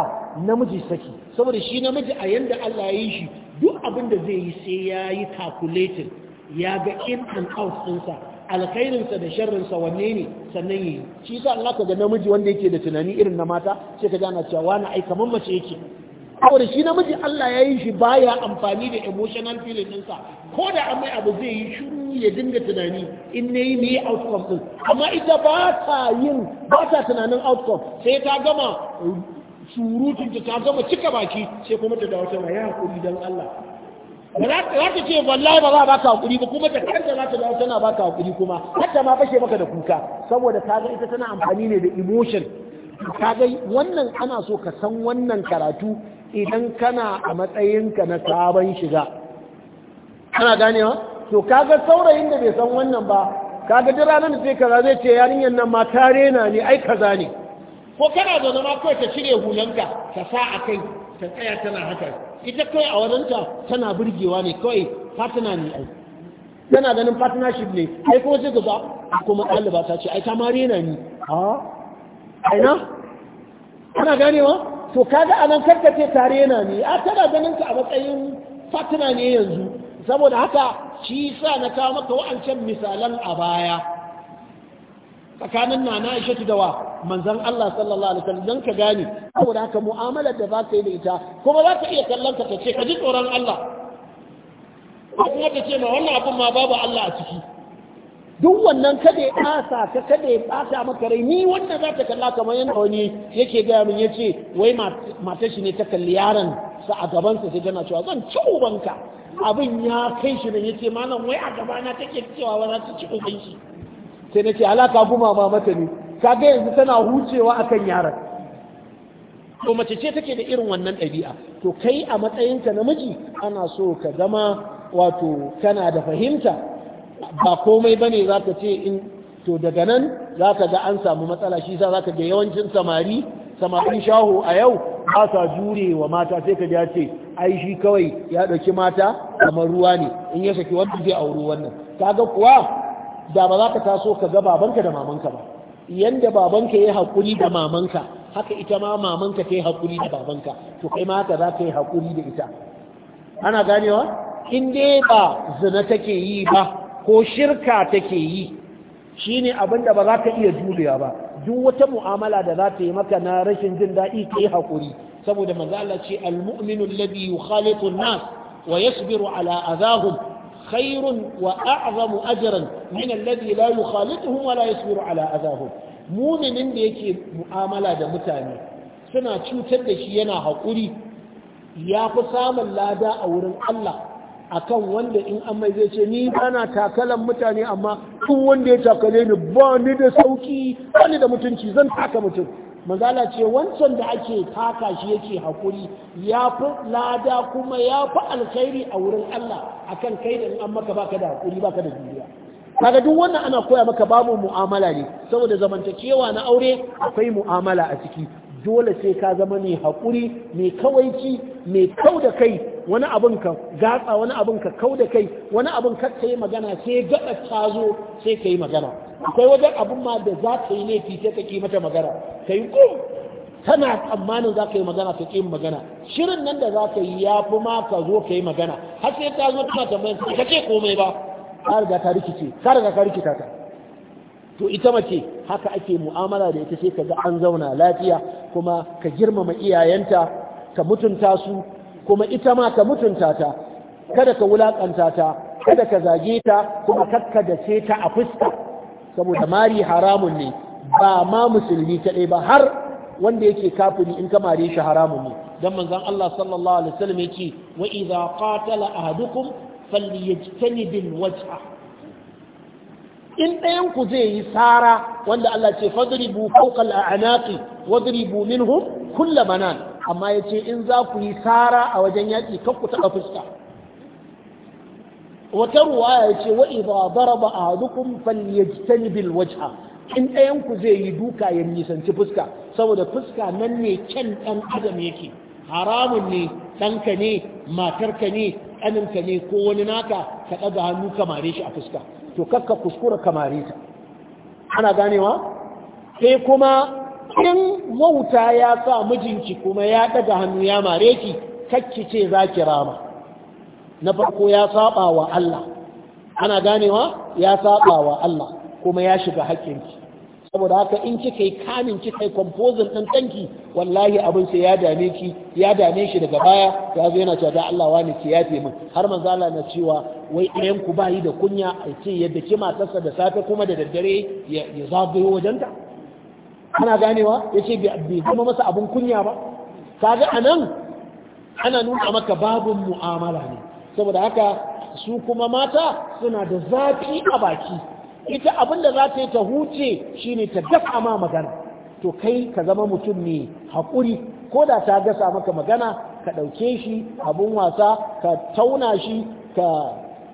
namiji saki saboda shi namiji a yanda Allah ya yi shi duk abin da zai yi sai ya yi calculating ya ga in and out ɗinsa alkhairinsa da sharrinsa wanne ne sannan yi shi sa Allah ka ga namiji wanda yake da tunani irin na mata sai ka gana cewa wani ai kamar mace yake saboda shi namiji Allah ya yi shi baya amfani da emotional feeling ɗinsa ko da an abu zai yi shiru ya dinga tunani in ne yi mai outcome ɗin amma ita ba ta yin ba ta tunanin outcome sai ta gama surutun ta gama cika baki sai kuma ta dawo tana ya hakuri don Allah ba za ta ce wallahi ba za ba ka hakuri ba kuma ta kanta za ta dawo tana ba ka hakuri kuma hatta ma fashe maka da kuka saboda ta ga ita tana amfani ne da emotion ka ga wannan ana so ka san wannan karatu idan kana a matsayinka na sabon shiga ana ganewa to ka ga saurayin da bai san wannan ba kaga duk ranar da sai kaza zai ce yarinyar nan ma ta rena ne ai kaza ne ko kana zaune ma kawai ta cire hulanka ta sa a kai ta tsaya tana haka ita kai a wajenta tana burgewa ne kawai fatina ne ai tana ganin partnership ne ai kuma sai gaba kuma ɗaliba ta ce ai ta mare na ni a aina ana ganewa to kaga anan ce tare na ni a tana ganin ka a matsayin fatina ne yanzu saboda haka shi sa na kawo maka wa'ancan misalan a baya tsakanin nana ishe da wa manzan Allah sallallahu alaihi wasallam don ka gane saboda haka mu'amalar da ka yi da ita kuma zaka iya kallon ka tace ka ji tsoron Allah ko kuma ta ce ma wannan abin ma babu Allah a ciki duk wannan kada ya asa ka kada ya bata maka rai ni wanda za ta kalla kamar yana wani yake gaya min yace wai matar shi ne ta kalli yaron sa a gaban sa sai tana cewa zan ci ubanka abin ya kai shi ne yace malam wai a gabana take cewa wani ta ci ubanki sai na ce alaka guma ma mata ne kaga yanzu tana hucewa akan yaron to mace ce take da irin wannan ɗabi'a to kai a matsayinka namiji ana so ka zama wato kana da fahimta ba komai ba ne za ka ce in to daga nan za ka ga an samu matsala shi sa za ka ga yawancin samari samarin shaho a yau ba sa jure wa mata sai ka ja ce ai shi kawai ya ɗauki mata kamar ruwa ne in ya saki wanda zai auri wannan kaga kuwa da ba za ka taso ka ga babanka da mamanka ba yanda babanka ya haƙuri da mamanka haka ita ma mamanka ta yi haƙuri da babanka to kai ma haka za ka yi haƙuri da ita ana ganewa in dai ba zina take yi ba ko shirka take yi shine abin da ba za ka iya juriya ba duk wata mu'amala da za ta yi maka na rashin jin daɗi ka yi haƙuri saboda manzo Allah ce al-mu'minu alladhi yukhalitu an-nas wa yasbiru ala adahum خير وأعظم أجرا من الذي لا يخالطهم ولا يصبر على أذاهم مؤمن da yake mu'amala da mutane suna cutar da shi yana haƙuri ya fi samun lada a wurin Allah akan wanda in an mai zai ce ni bana takalan mutane amma tun wanda ya takale ni ba ni da sauki ba ni da mutunci zan taka mutum mazala ce wancan da ake taka shi yake haƙuri ya fi lada kuma ya fi alkhairi a wurin Allah a kan kai da an maka baka da haƙuri baka da juriya kaga duk wannan ana koya maka babu mu'amala ne saboda zamantakewa na aure akwai mu'amala a ciki dole sai ka zama mai haƙuri mai kawaici mai kau da kai wani abin ka gatsa wani abin ka kau da kai wani abin ka yi magana sai gaɗa ta zo sai ka yi magana akwai wajen abin ma da za ka yi laifi sai ka mata magana ka yi ko tana tsammanin za ka yi magana ka ƙi magana shirin nan da za ka yi ya fi ma ka zo ka yi magana har sai ta zo tana tambayin ka ce komai ba ka riga ta rikice ka riga ka rikita ta to ita mace haka ake mu'amala da ita sai ka ga an zauna lafiya kuma ka girmama iyayenta ka mutunta su kuma ita ma ka mutunta ta kada ka wulakanta ta kada ka zage ta kuma kakka da ce ta a fuska saboda mari haramun ne ba ma musulmi kaɗai ba har wanda yake kafiri in ka mare shi haramun ne dan manzon Allah sallallahu alaihi wasallam yace wa idza qatala ahadukum falyajtanibil wajha in ɗayan ku zai yi sara wanda Allah ce fadribu fawqa al-a'naqi wadribu minhum kull manan amma yace in za ku yi sara a wajen yaki kar ku taɓa fuska wata ruwaya ya ce wa idha daraba ahadukum falyajtanibil wajha in ɗayan ku zai yi duka ya nisanci fuska saboda fuska nan ne kyan ɗan adam yake haramun ne ɗanka ne matarka ne ɗaninka ne ko wani naka ka ɗaga hannu kamare shi a fuska to kakka kuskura kamare ta ana ganewa sai kuma in wauta ya sa mijinki kuma ya ɗaga hannu ya mare ki kakki ce za ki rama na farko ya saba wa Allah ana ganewa ya saba wa Allah kuma ya shiga ki. saboda haka in kika yi kamin kika yi composing ɗin tanki wallahi abin sai ya dame ki ya dame shi daga baya ya zo yana cewa Allah wani ki yafe min har manzo Allah na cewa wai ɗayan ku bayi da kunya a ce yadda ki matarsa da safe kuma da daddare ya zagayo wajenta ana ganewa yace bai kuma masa abin kunya ba kaga anan ana nuna maka babun mu'amala ne saboda haka su kuma mata suna da zafi a baki ita abin da za ta yi ta huce shine ta dafa ma magana to kai ka zama mutum ne haƙuri ko da ta gasa maka magana ka ɗauke shi abin wasa ka tauna shi ka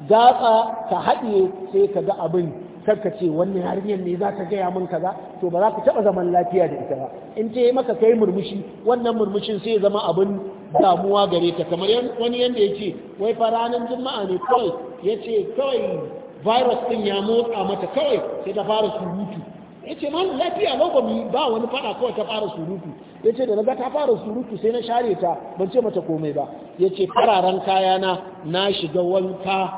gasa ka haɗiye sai ka ga abin karka ce wannan yarinyar ne za ka gaya min kaza to ba za ka taɓa zaman lafiya da ita ba in ta maka kai murmushi wannan murmushin sai zama abin damuwa gare ta kamar wani yadda ya ce wai fa ranar juma'a ne kawai ya ce kawai virus din ya motsa mata kawai sai ta fara surutu ya ce ma lafiya lokomi ba wani fada kawai ta fara surutu ya ce da naga ta fara surutu sai na share ta ban ce mata komai ba ya ce fararen kayana na shiga wanka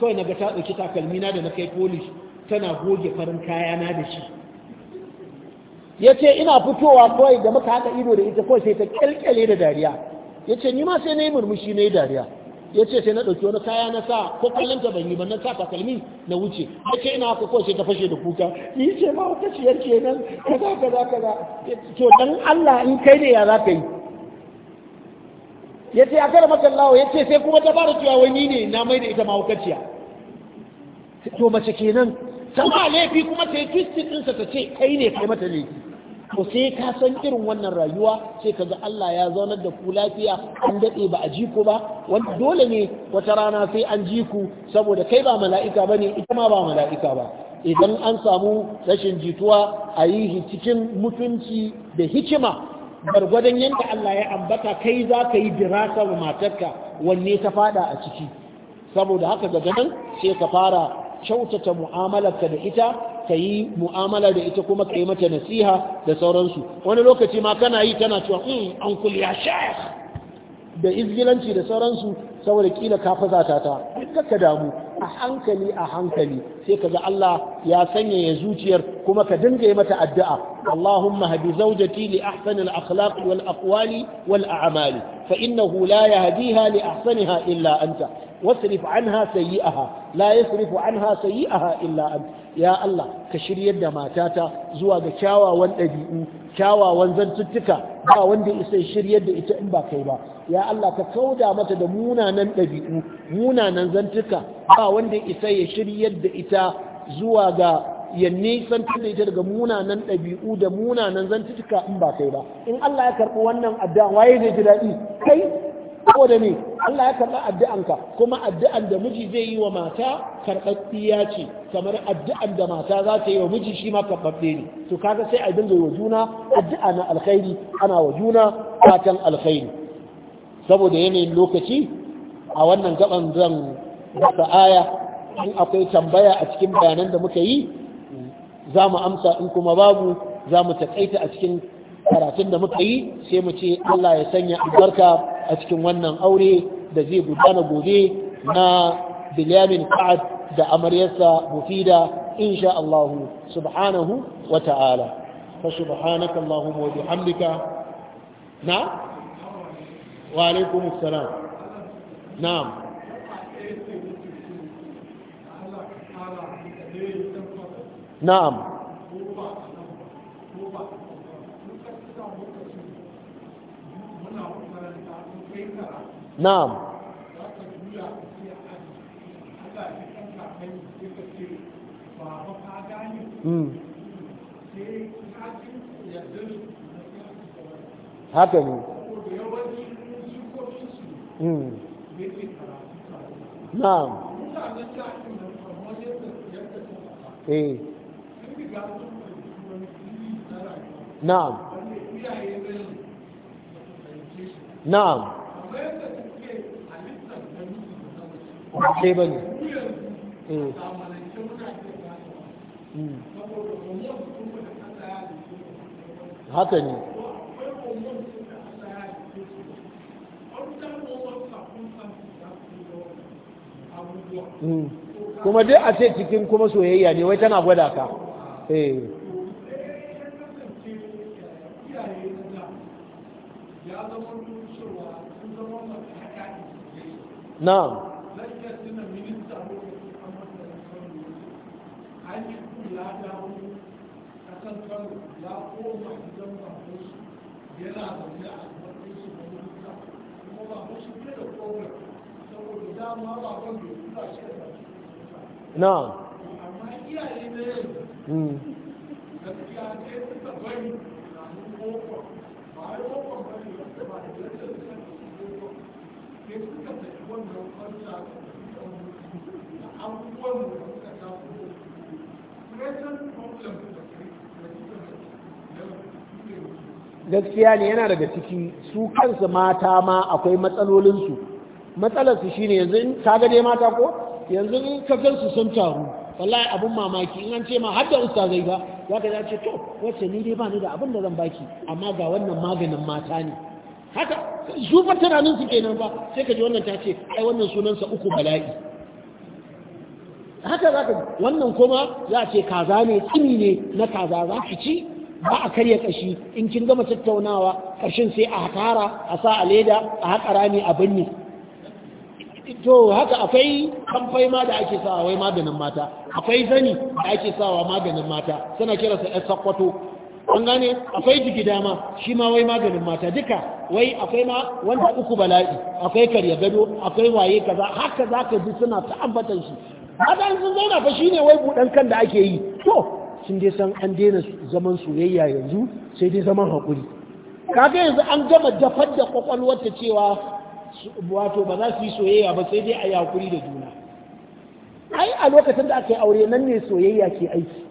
kawai na ta ɗauki na da na kai polish tana goge farin kayana da shi ya ce ina fitowa kawai da muka haɗa ido da ita kawai sai ta kyalkyale da dariya ya ce ni ma sai na yi murmushi na yi dariya ya ce sai na ɗauki wani kaya na sa ko kallonta ban yi ba na sa takalmi na wuce ya ce ina haka kawai sai ta fashe da kuka yi ce ma wata ciyar ke nan kaza kaza kaza to dan Allah in kai ne ya za ka yi ya ce a kare makallawa ya ce sai kuma ta fara cewa wani ne na mai da ita ma wata wakaciya to mace kenan sama laifi kuma ta yi kistin ɗinsa ta ce kai ne kai mata laifi to sai ka san irin wannan rayuwa sai kaga Allah ya zaunar da ku lafiya an dade ba a ji ku ba wanda dole ne wata rana sai an ji ku saboda kai ba mala'ika bane ita ma ba mala'ika ba idan an samu rashin jituwa a yi cikin mutunci da hikima gargwadon yadda Allah ya ambata kai za ka yi dirasa wa matarka wanne ta fada a ciki saboda haka daga nan sai ka fara kyautata mu'amalarka da ita ka yi mu'amala da ita kuma ka yi mata nasiha da sauransu wani lokaci ma kana yi tana cewa in an kulya shayar da izgilanci da sauransu saboda kila ka fazata ta ka damu a hankali a hankali sai ka ga Allah ya sanyaya zuciyar kuma ka dinga yi mata addu'a Allahumma hadi zawjati li ahsanil akhlaq wal aqwali wal a'mali fa innahu la yahdiha li ahsaniha illa anta wasrif anha sayyi'aha la yasrifu anha sayyi'aha illa an. ya Allah ka shiryar da matata zuwa ga kyawawan ɗabi'u kyawawan zantuttuka ba wanda isa shiryar da ita in ba kai ba ya Allah ka kauda mata da munanan ɗabi'u munanan zantuka ba wanda isa ya shiryar da ita zuwa ga ya nisan da ita daga munanan ɗabi'u da munanan zantuka in ba kai ba in Allah ya karɓi wannan addu'a waye zai ji daɗi kai saboda ne Allah ya karɓa addu'anka kuma addu'an da miji zai yi wa mata karɓaɓɓiya ce kamar addu'an da mata za ta yi wa miji shi ma karɓaɓɓe ne to kaga sai a dinga wa juna addu'a na alkhairi ana wa juna fatan alkhairi saboda yanayin lokaci a wannan gaban zan dasa aya in akwai tambaya a cikin bayanan da muka yi za mu amsa in kuma babu za mu taƙaita a cikin karatun da muka yi sai mu ce Allah ya sanya albarka a cikin wannan aure da zai gudana gobe na Bilyamin Ka'ad da amaryarsa Mufida insha Allah subhanahu wa ta'ala fa subhanaka Allahumma wa bihamdika na wa alaikumus salam na'am na'am na'am hmm. haka ne hmm. na'am eh na'am na'am sai ba eh. hmm. hmm. kuma dai a ce cikin kuma soyayya ne wai tana gwada ka eh. Na. zan iya tuna minista lokacin amurka da sauri an yi kasan kano ya koma gidan su yana a su na minista kuma su ke da saboda dama kula shi da amma iyaye na hmm. suka tafi wannan kwanta da abubuwan da suka tafi problem gaskiya ne yana daga ciki su kansu mata ma akwai matsalolinsu matsalarsu shine yanzu in ka gade mata ko yanzu in ka gansu sun taru wallahi abin mamaki in an ce ma har da ustazai ba za ka ce to wacce ni dai ba ni da abin da zan baki amma ga wannan maganin mata ne haka zubar tana tunanin su kenan ba sai ka ji wannan ta ce ai wannan sunansa uku bala'i haka za ka wannan kuma za a ce kaza ne tsini ne na kaza za ki ci ba a karya kashi in kin gama tattaunawa ƙarshen sai a tara a sa a leda a haƙa rami a binne to haka akwai kamfai ma da ake sawa wai maganin mata akwai zani da ake sawa maganin mata suna kira sa ɗan sakwato an gane akwai jiki dama shi ma wai maganin mata duka wai akwai ma wanda uku bala'i akwai karya gado akwai waye kaza haka za ka ji suna ta'abbatar shi mata sun zauna fa shi ne wai buɗan kan da ake yi to sun dai san an daina zaman soyayya yanzu sai dai zaman haƙuri kaga yanzu an gama dafar da ta cewa wato ba za su yi soyayya ba sai dai a yi haƙuri da juna ai a lokacin da aka yi aure nan ne soyayya ke aiki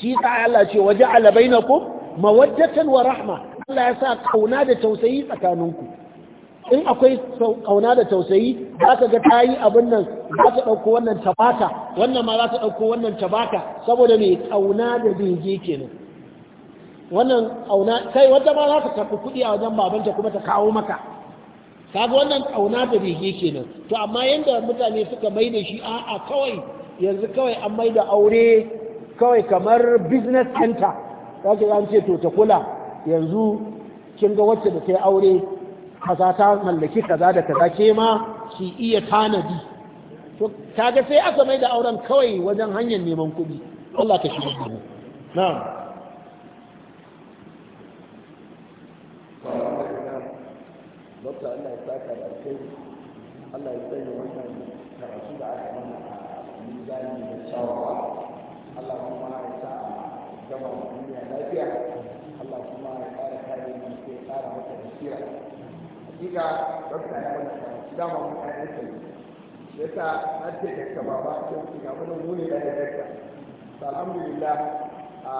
shi sa Allah ce waje alabai na ku mawaddatan wa rahma Allah ya sa kauna da tausayi tsakaninku in akwai kauna da tausayi za ka ga ta yi abin nan za ta ɗauko wannan tabata wannan ma za ta ɗauko wannan tabata saboda mai kauna da bege kenan wannan kauna kai wata ma za ta tafi kuɗi a wajen babanta kuma ta kawo maka kaga wannan kauna da bege kenan to amma yanda mutane suka maida shi a'a kawai yanzu kawai an maida aure kawai kamar business center za ki an ce to ta kula yanzu kin ga wacce da ta yi aure kaza ta mallaki kaza da kaza ke ma ki iya tanadi to ga sai aka mai da auren kawai wajen hanyar neman kuɗi Allah ka shiga da Na. Allah ya sanya wannan karatu da aka mana a mizani da shawarwa Allah kuma ya sa a gaba duniya lafiya Allah kuma ya ƙara kare mu ya ƙara mata basira hakika dokta ya wani kwanci dama mun kai ake yi ya sa an ce dakta ba ba ta wuce ga mun mu ne da dakta alhamdulillah a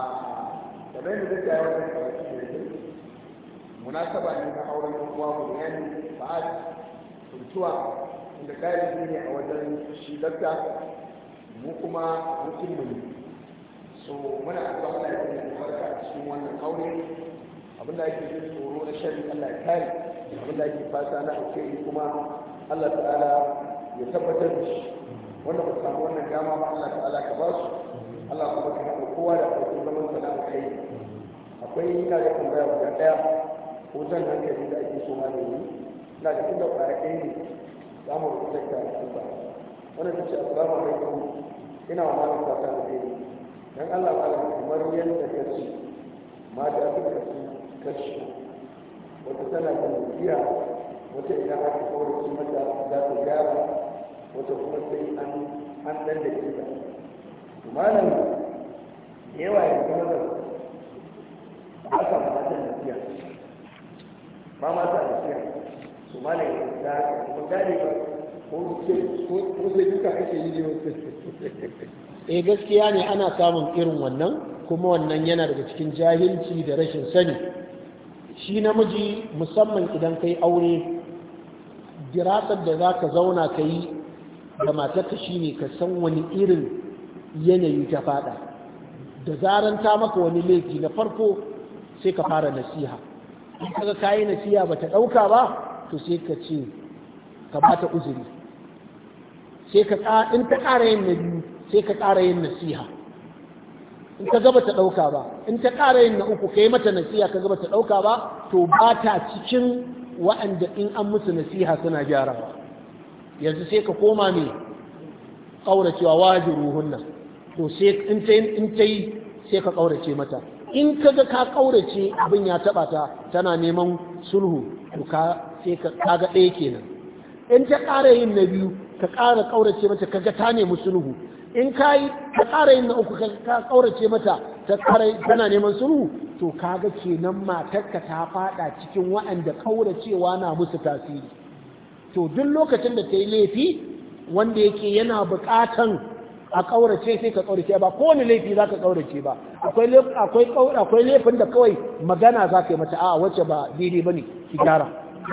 da bai da dakta ya wani kwanci da yake munasaba ne na auren uwa mu ne ba'ad tuntuwa inda ɗalibi ne a wajen shi dakta mu kuma mutum ne so muna addu'a Allah ya sanya albarka a cikin wannan aure abin da yake jin tsoro na shari Allah ya kare abin da yake fata na yi kuma Allah ta'ala ya tabbatar da shi wanda ba samu wannan dama ba Allah ta'ala ka ba su Allah kuma ka haɗa kowa da ƙarfin zaman sa na yi akwai yi ina da baya guda ɗaya ko zan hankali da ake so ma da yi na da kuma ƙwaya ɗaya ne za mu rubuta ta a cikin ba wannan ta ce assalamu alaikum ina wa malam fata da alheri dan Allah ba kamar yadda ka ce da suka ci kashi wata tana da mutiya wata idan aka kawarci mata za ta gyara wata kuma sai an an dan da ke ta malam yawa ya kuma da aka mata mutiya ba mata mutiya su malam ya ta kuma gane ba ko eh gaskiya ne ana samun irin wannan kuma wannan yana daga cikin jahilci da rashin sani shi namiji musamman idan kai aure girasar da za ka zauna ka yi da matarka shi ne ka san wani irin yanayi ta fada da zaran ta maka wani laifi na farko sai ka fara nasiha in kaga kayi nasiha ba ta ɗauka ba to sai ka ce ka bata uzuri sai ka in ta ƙara yin na biyu sai ka ƙara yin nasiha in ka gaba ta ɗauka ba in ta ƙara yin na uku ka mata nasiha ka gaba ta ɗauka ba to ba ta cikin wa'anda in an musu nasiha suna gyarawa yanzu sai ka koma ne ƙauracewa ruhun hunna to sai in ta yi sai ka ƙaurace mata in ka ga ka ƙaurace abin ya taɓa ta tana neman sulhu to ka sai ka ga ɗaya kenan in ta ƙara yin na biyu ka ƙara ƙaurace mata ka gata ta nemi sulhu in ka yi ka ƙara yin na uku ka ƙaurace mata ta ƙara tana neman sulhu to kaga kenan matarka ta faɗa cikin wa'anda ƙauracewa na musu tasiri to duk lokacin da ta yi laifi wanda yake yana buƙatan a ƙaurace sai ka ƙaurace ba ko wani laifi za ka ƙaurace ba akwai laifin da kawai magana za ka yi mata a wacce ba daidai ba ne ki gyara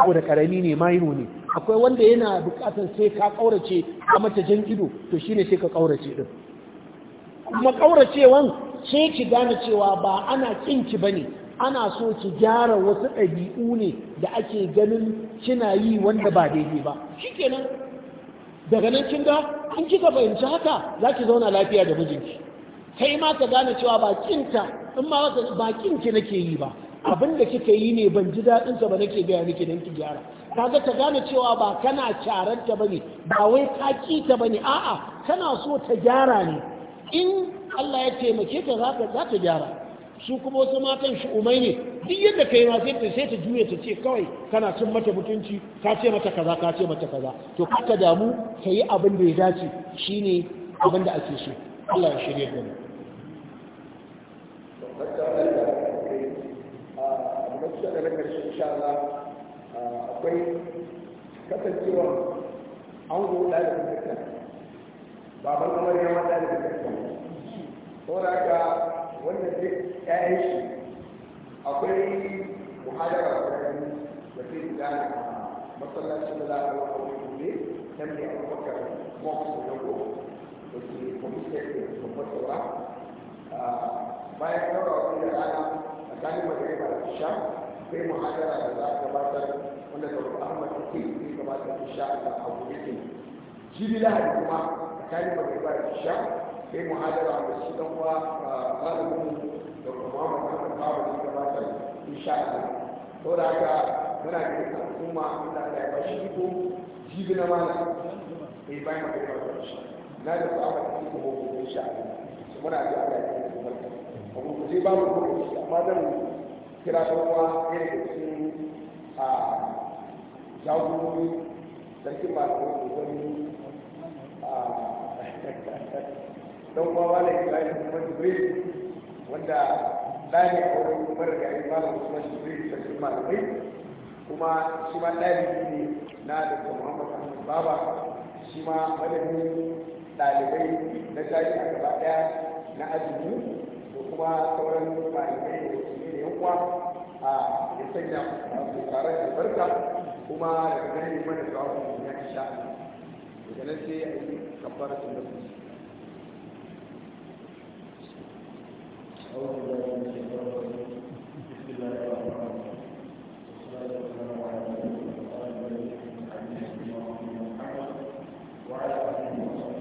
ko da ƙarami ne maino ne akwai wanda yana bukatar sai ka ƙaurace a matajin jan ido to shine sai ka kaurace din kuma sai ki gane cewa ba ana kinki ne, ana so ki gyara wasu ɗabi'u ne da ake ganin kina yi wanda ba daidai ba kenan daga nan kin ga in kika fahimci haka za ki zauna lafiya da mijinki kai ma ka gane cewa ba kinta in ma ba kinki nake yi ba abin da kika yi ne ban ji daɗin sa ba nake gaya miki dan ki gyara kaga ta gane cewa ba kana ta bane ba wai ka ki ta bane a'a kana so ta gyara ne in Allah ya taimake ta za ta za ta gyara su kuma wasu matan shi umai ne duk yadda kai ma sai ta sai ta juye ta ce kawai kana cin mata mutunci ka ce mata kaza ka ce mata kaza to ka damu ka yi abin da ya dace shine abin da ake so Allah ya shirye da mu kusa da na shi insha Allah akwai kasancewa an go ɗalibin zakka baban wannan duk ƴaƴan shi akwai muhadara da ke gudana masallacin da za a kawo a wani ne nan ne na da ke ke babbar bayan a wani da tsakanin magariba da sha mu muhadara da za a gabatar wanda dr ahmad kuke zai gabatar insha da a gobe ke jibi lahadi kuma tsakanin magariba da isha sai muhadara da shi dan uwa ah, malamin dr muhammad hassan bawa zai gabatar insha allah saboda haka muna da al'umma allah ya bashi iko jibi na malam sai bayan magariba ya isha na da sa'amar da suke gobe insha allah muna da allah da bashi iko ba mu je ba mu gobe amma zan kira ɗan uwa ɗaya da cikin a jagorori sarkin masu wani don kowa da ibrahim kuma jibril wanda ɗaya ne a wurin kuma daga ibrahim kuma jibril da shi malamai kuma shi ma ɗalibi ne na daga muhammad ahmad baba shi ma malamin ɗalibai na jami'a gaba ɗaya na azumi da kuma sauran malamai da ke da yan uwa a ya sanya su tare da barka kuma daga ganin mana da wasu ya isha daga nan sai a yi kafara sun da kusa بسم الله الرحمن الرحيم والصلاة والسلام على رسول الله وعلى آله وصحبه وعلى آله وصحبه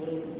wurin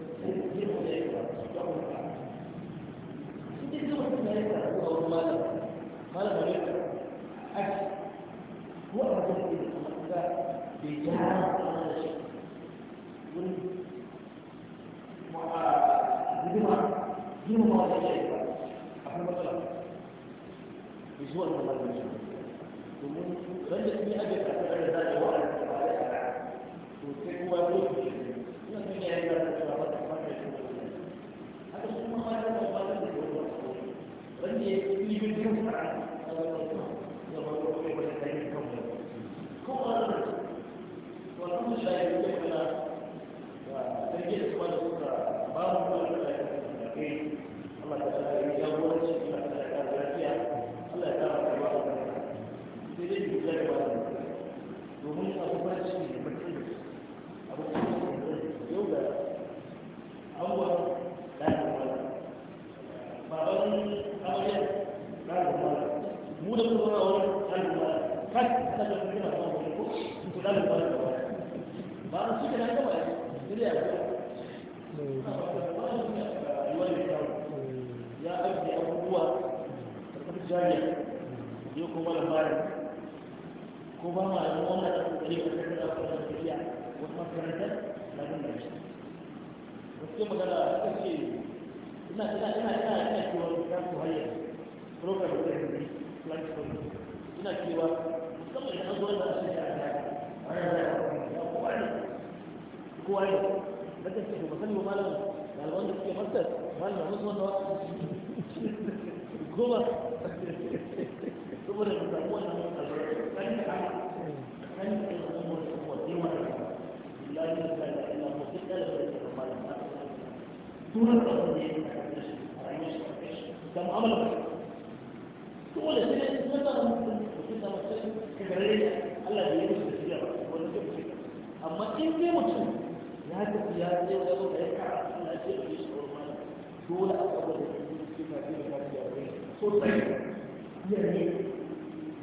iyaye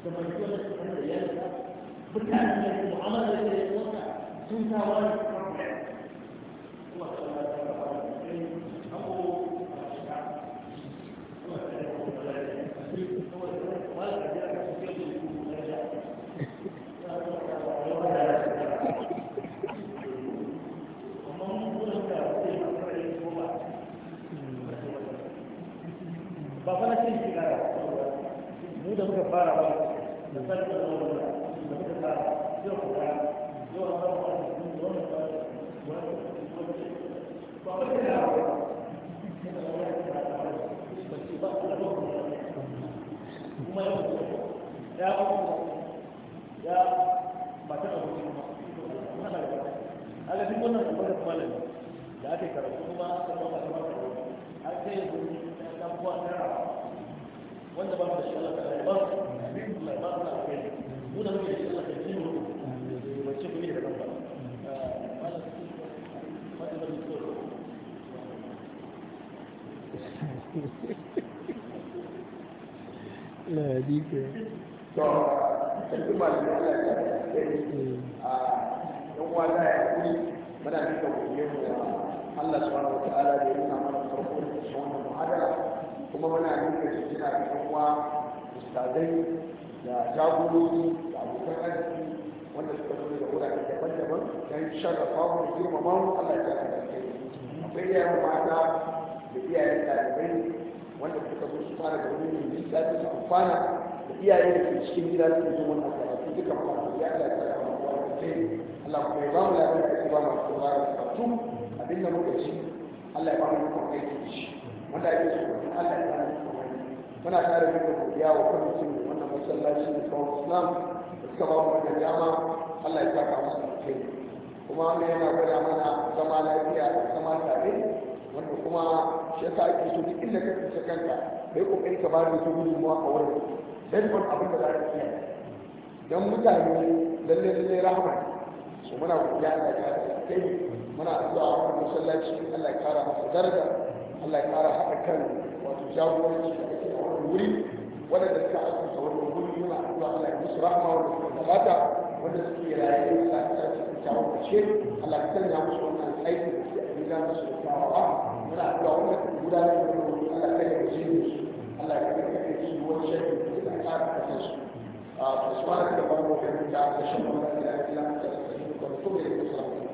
da mai kyau da su kan da yadda mutane da mu'amala da ya wata sun kawo Hmm. Ah, ya bi ke to tafi ba da Allah ya a yan wata ya da Allah subhanahu wa ta'ala da ya farko wannan muhadara kuma muna nuna shi kira da yan ustadai da jagorori da abokan arziki wanda suka zo da wurare daban-daban mu mu Allah ya akwai mata da iyayen ɗalibai wanda kuka zo su fara da wani mai nisa da su amfana da iyaye da ke cikin gida su zo wannan karatu duka makaratu ya Allah ta kama kowa da kai Allah kuma ya ba mu lafiya da ba mu da karatu abin da muka ci Allah ya ba kuma kai da shi wanda ake so Allah ya mu kuma muna kare mu da godiya wa kwamitin wannan masallaci da kawai Islam da suka ba mu da dama Allah ya saka musu da kai kuma wannan yana gwada mana zama lafiya da zama tare wanda kuma shi yasa ake so duk inda ka tsinci kanka kai kokari ka bada wata gudunmuwa a wurin dan ban abin da za ka iya dan mutane lalle lalle rahama su muna godiya Allah ya kai muna addu'a a masallaci Allah ya kara masa daraja Allah ya kara haka kan wato jagoranci da ake a wannan wuri waɗanda suka asusa wannan wuri muna addu'a Allah ya musu rahama wanda suka gabata wanda suke raye ta ya ta ce Allah ya sanya musu wannan aiki gudanar da kyawawa muna da wanda ke gudanar da wani Allah kai da shi Allah ya kai da shi wani shakki da ta da kasan su a subhanaka rabbika rabbil izzati amma yasifun wa salamun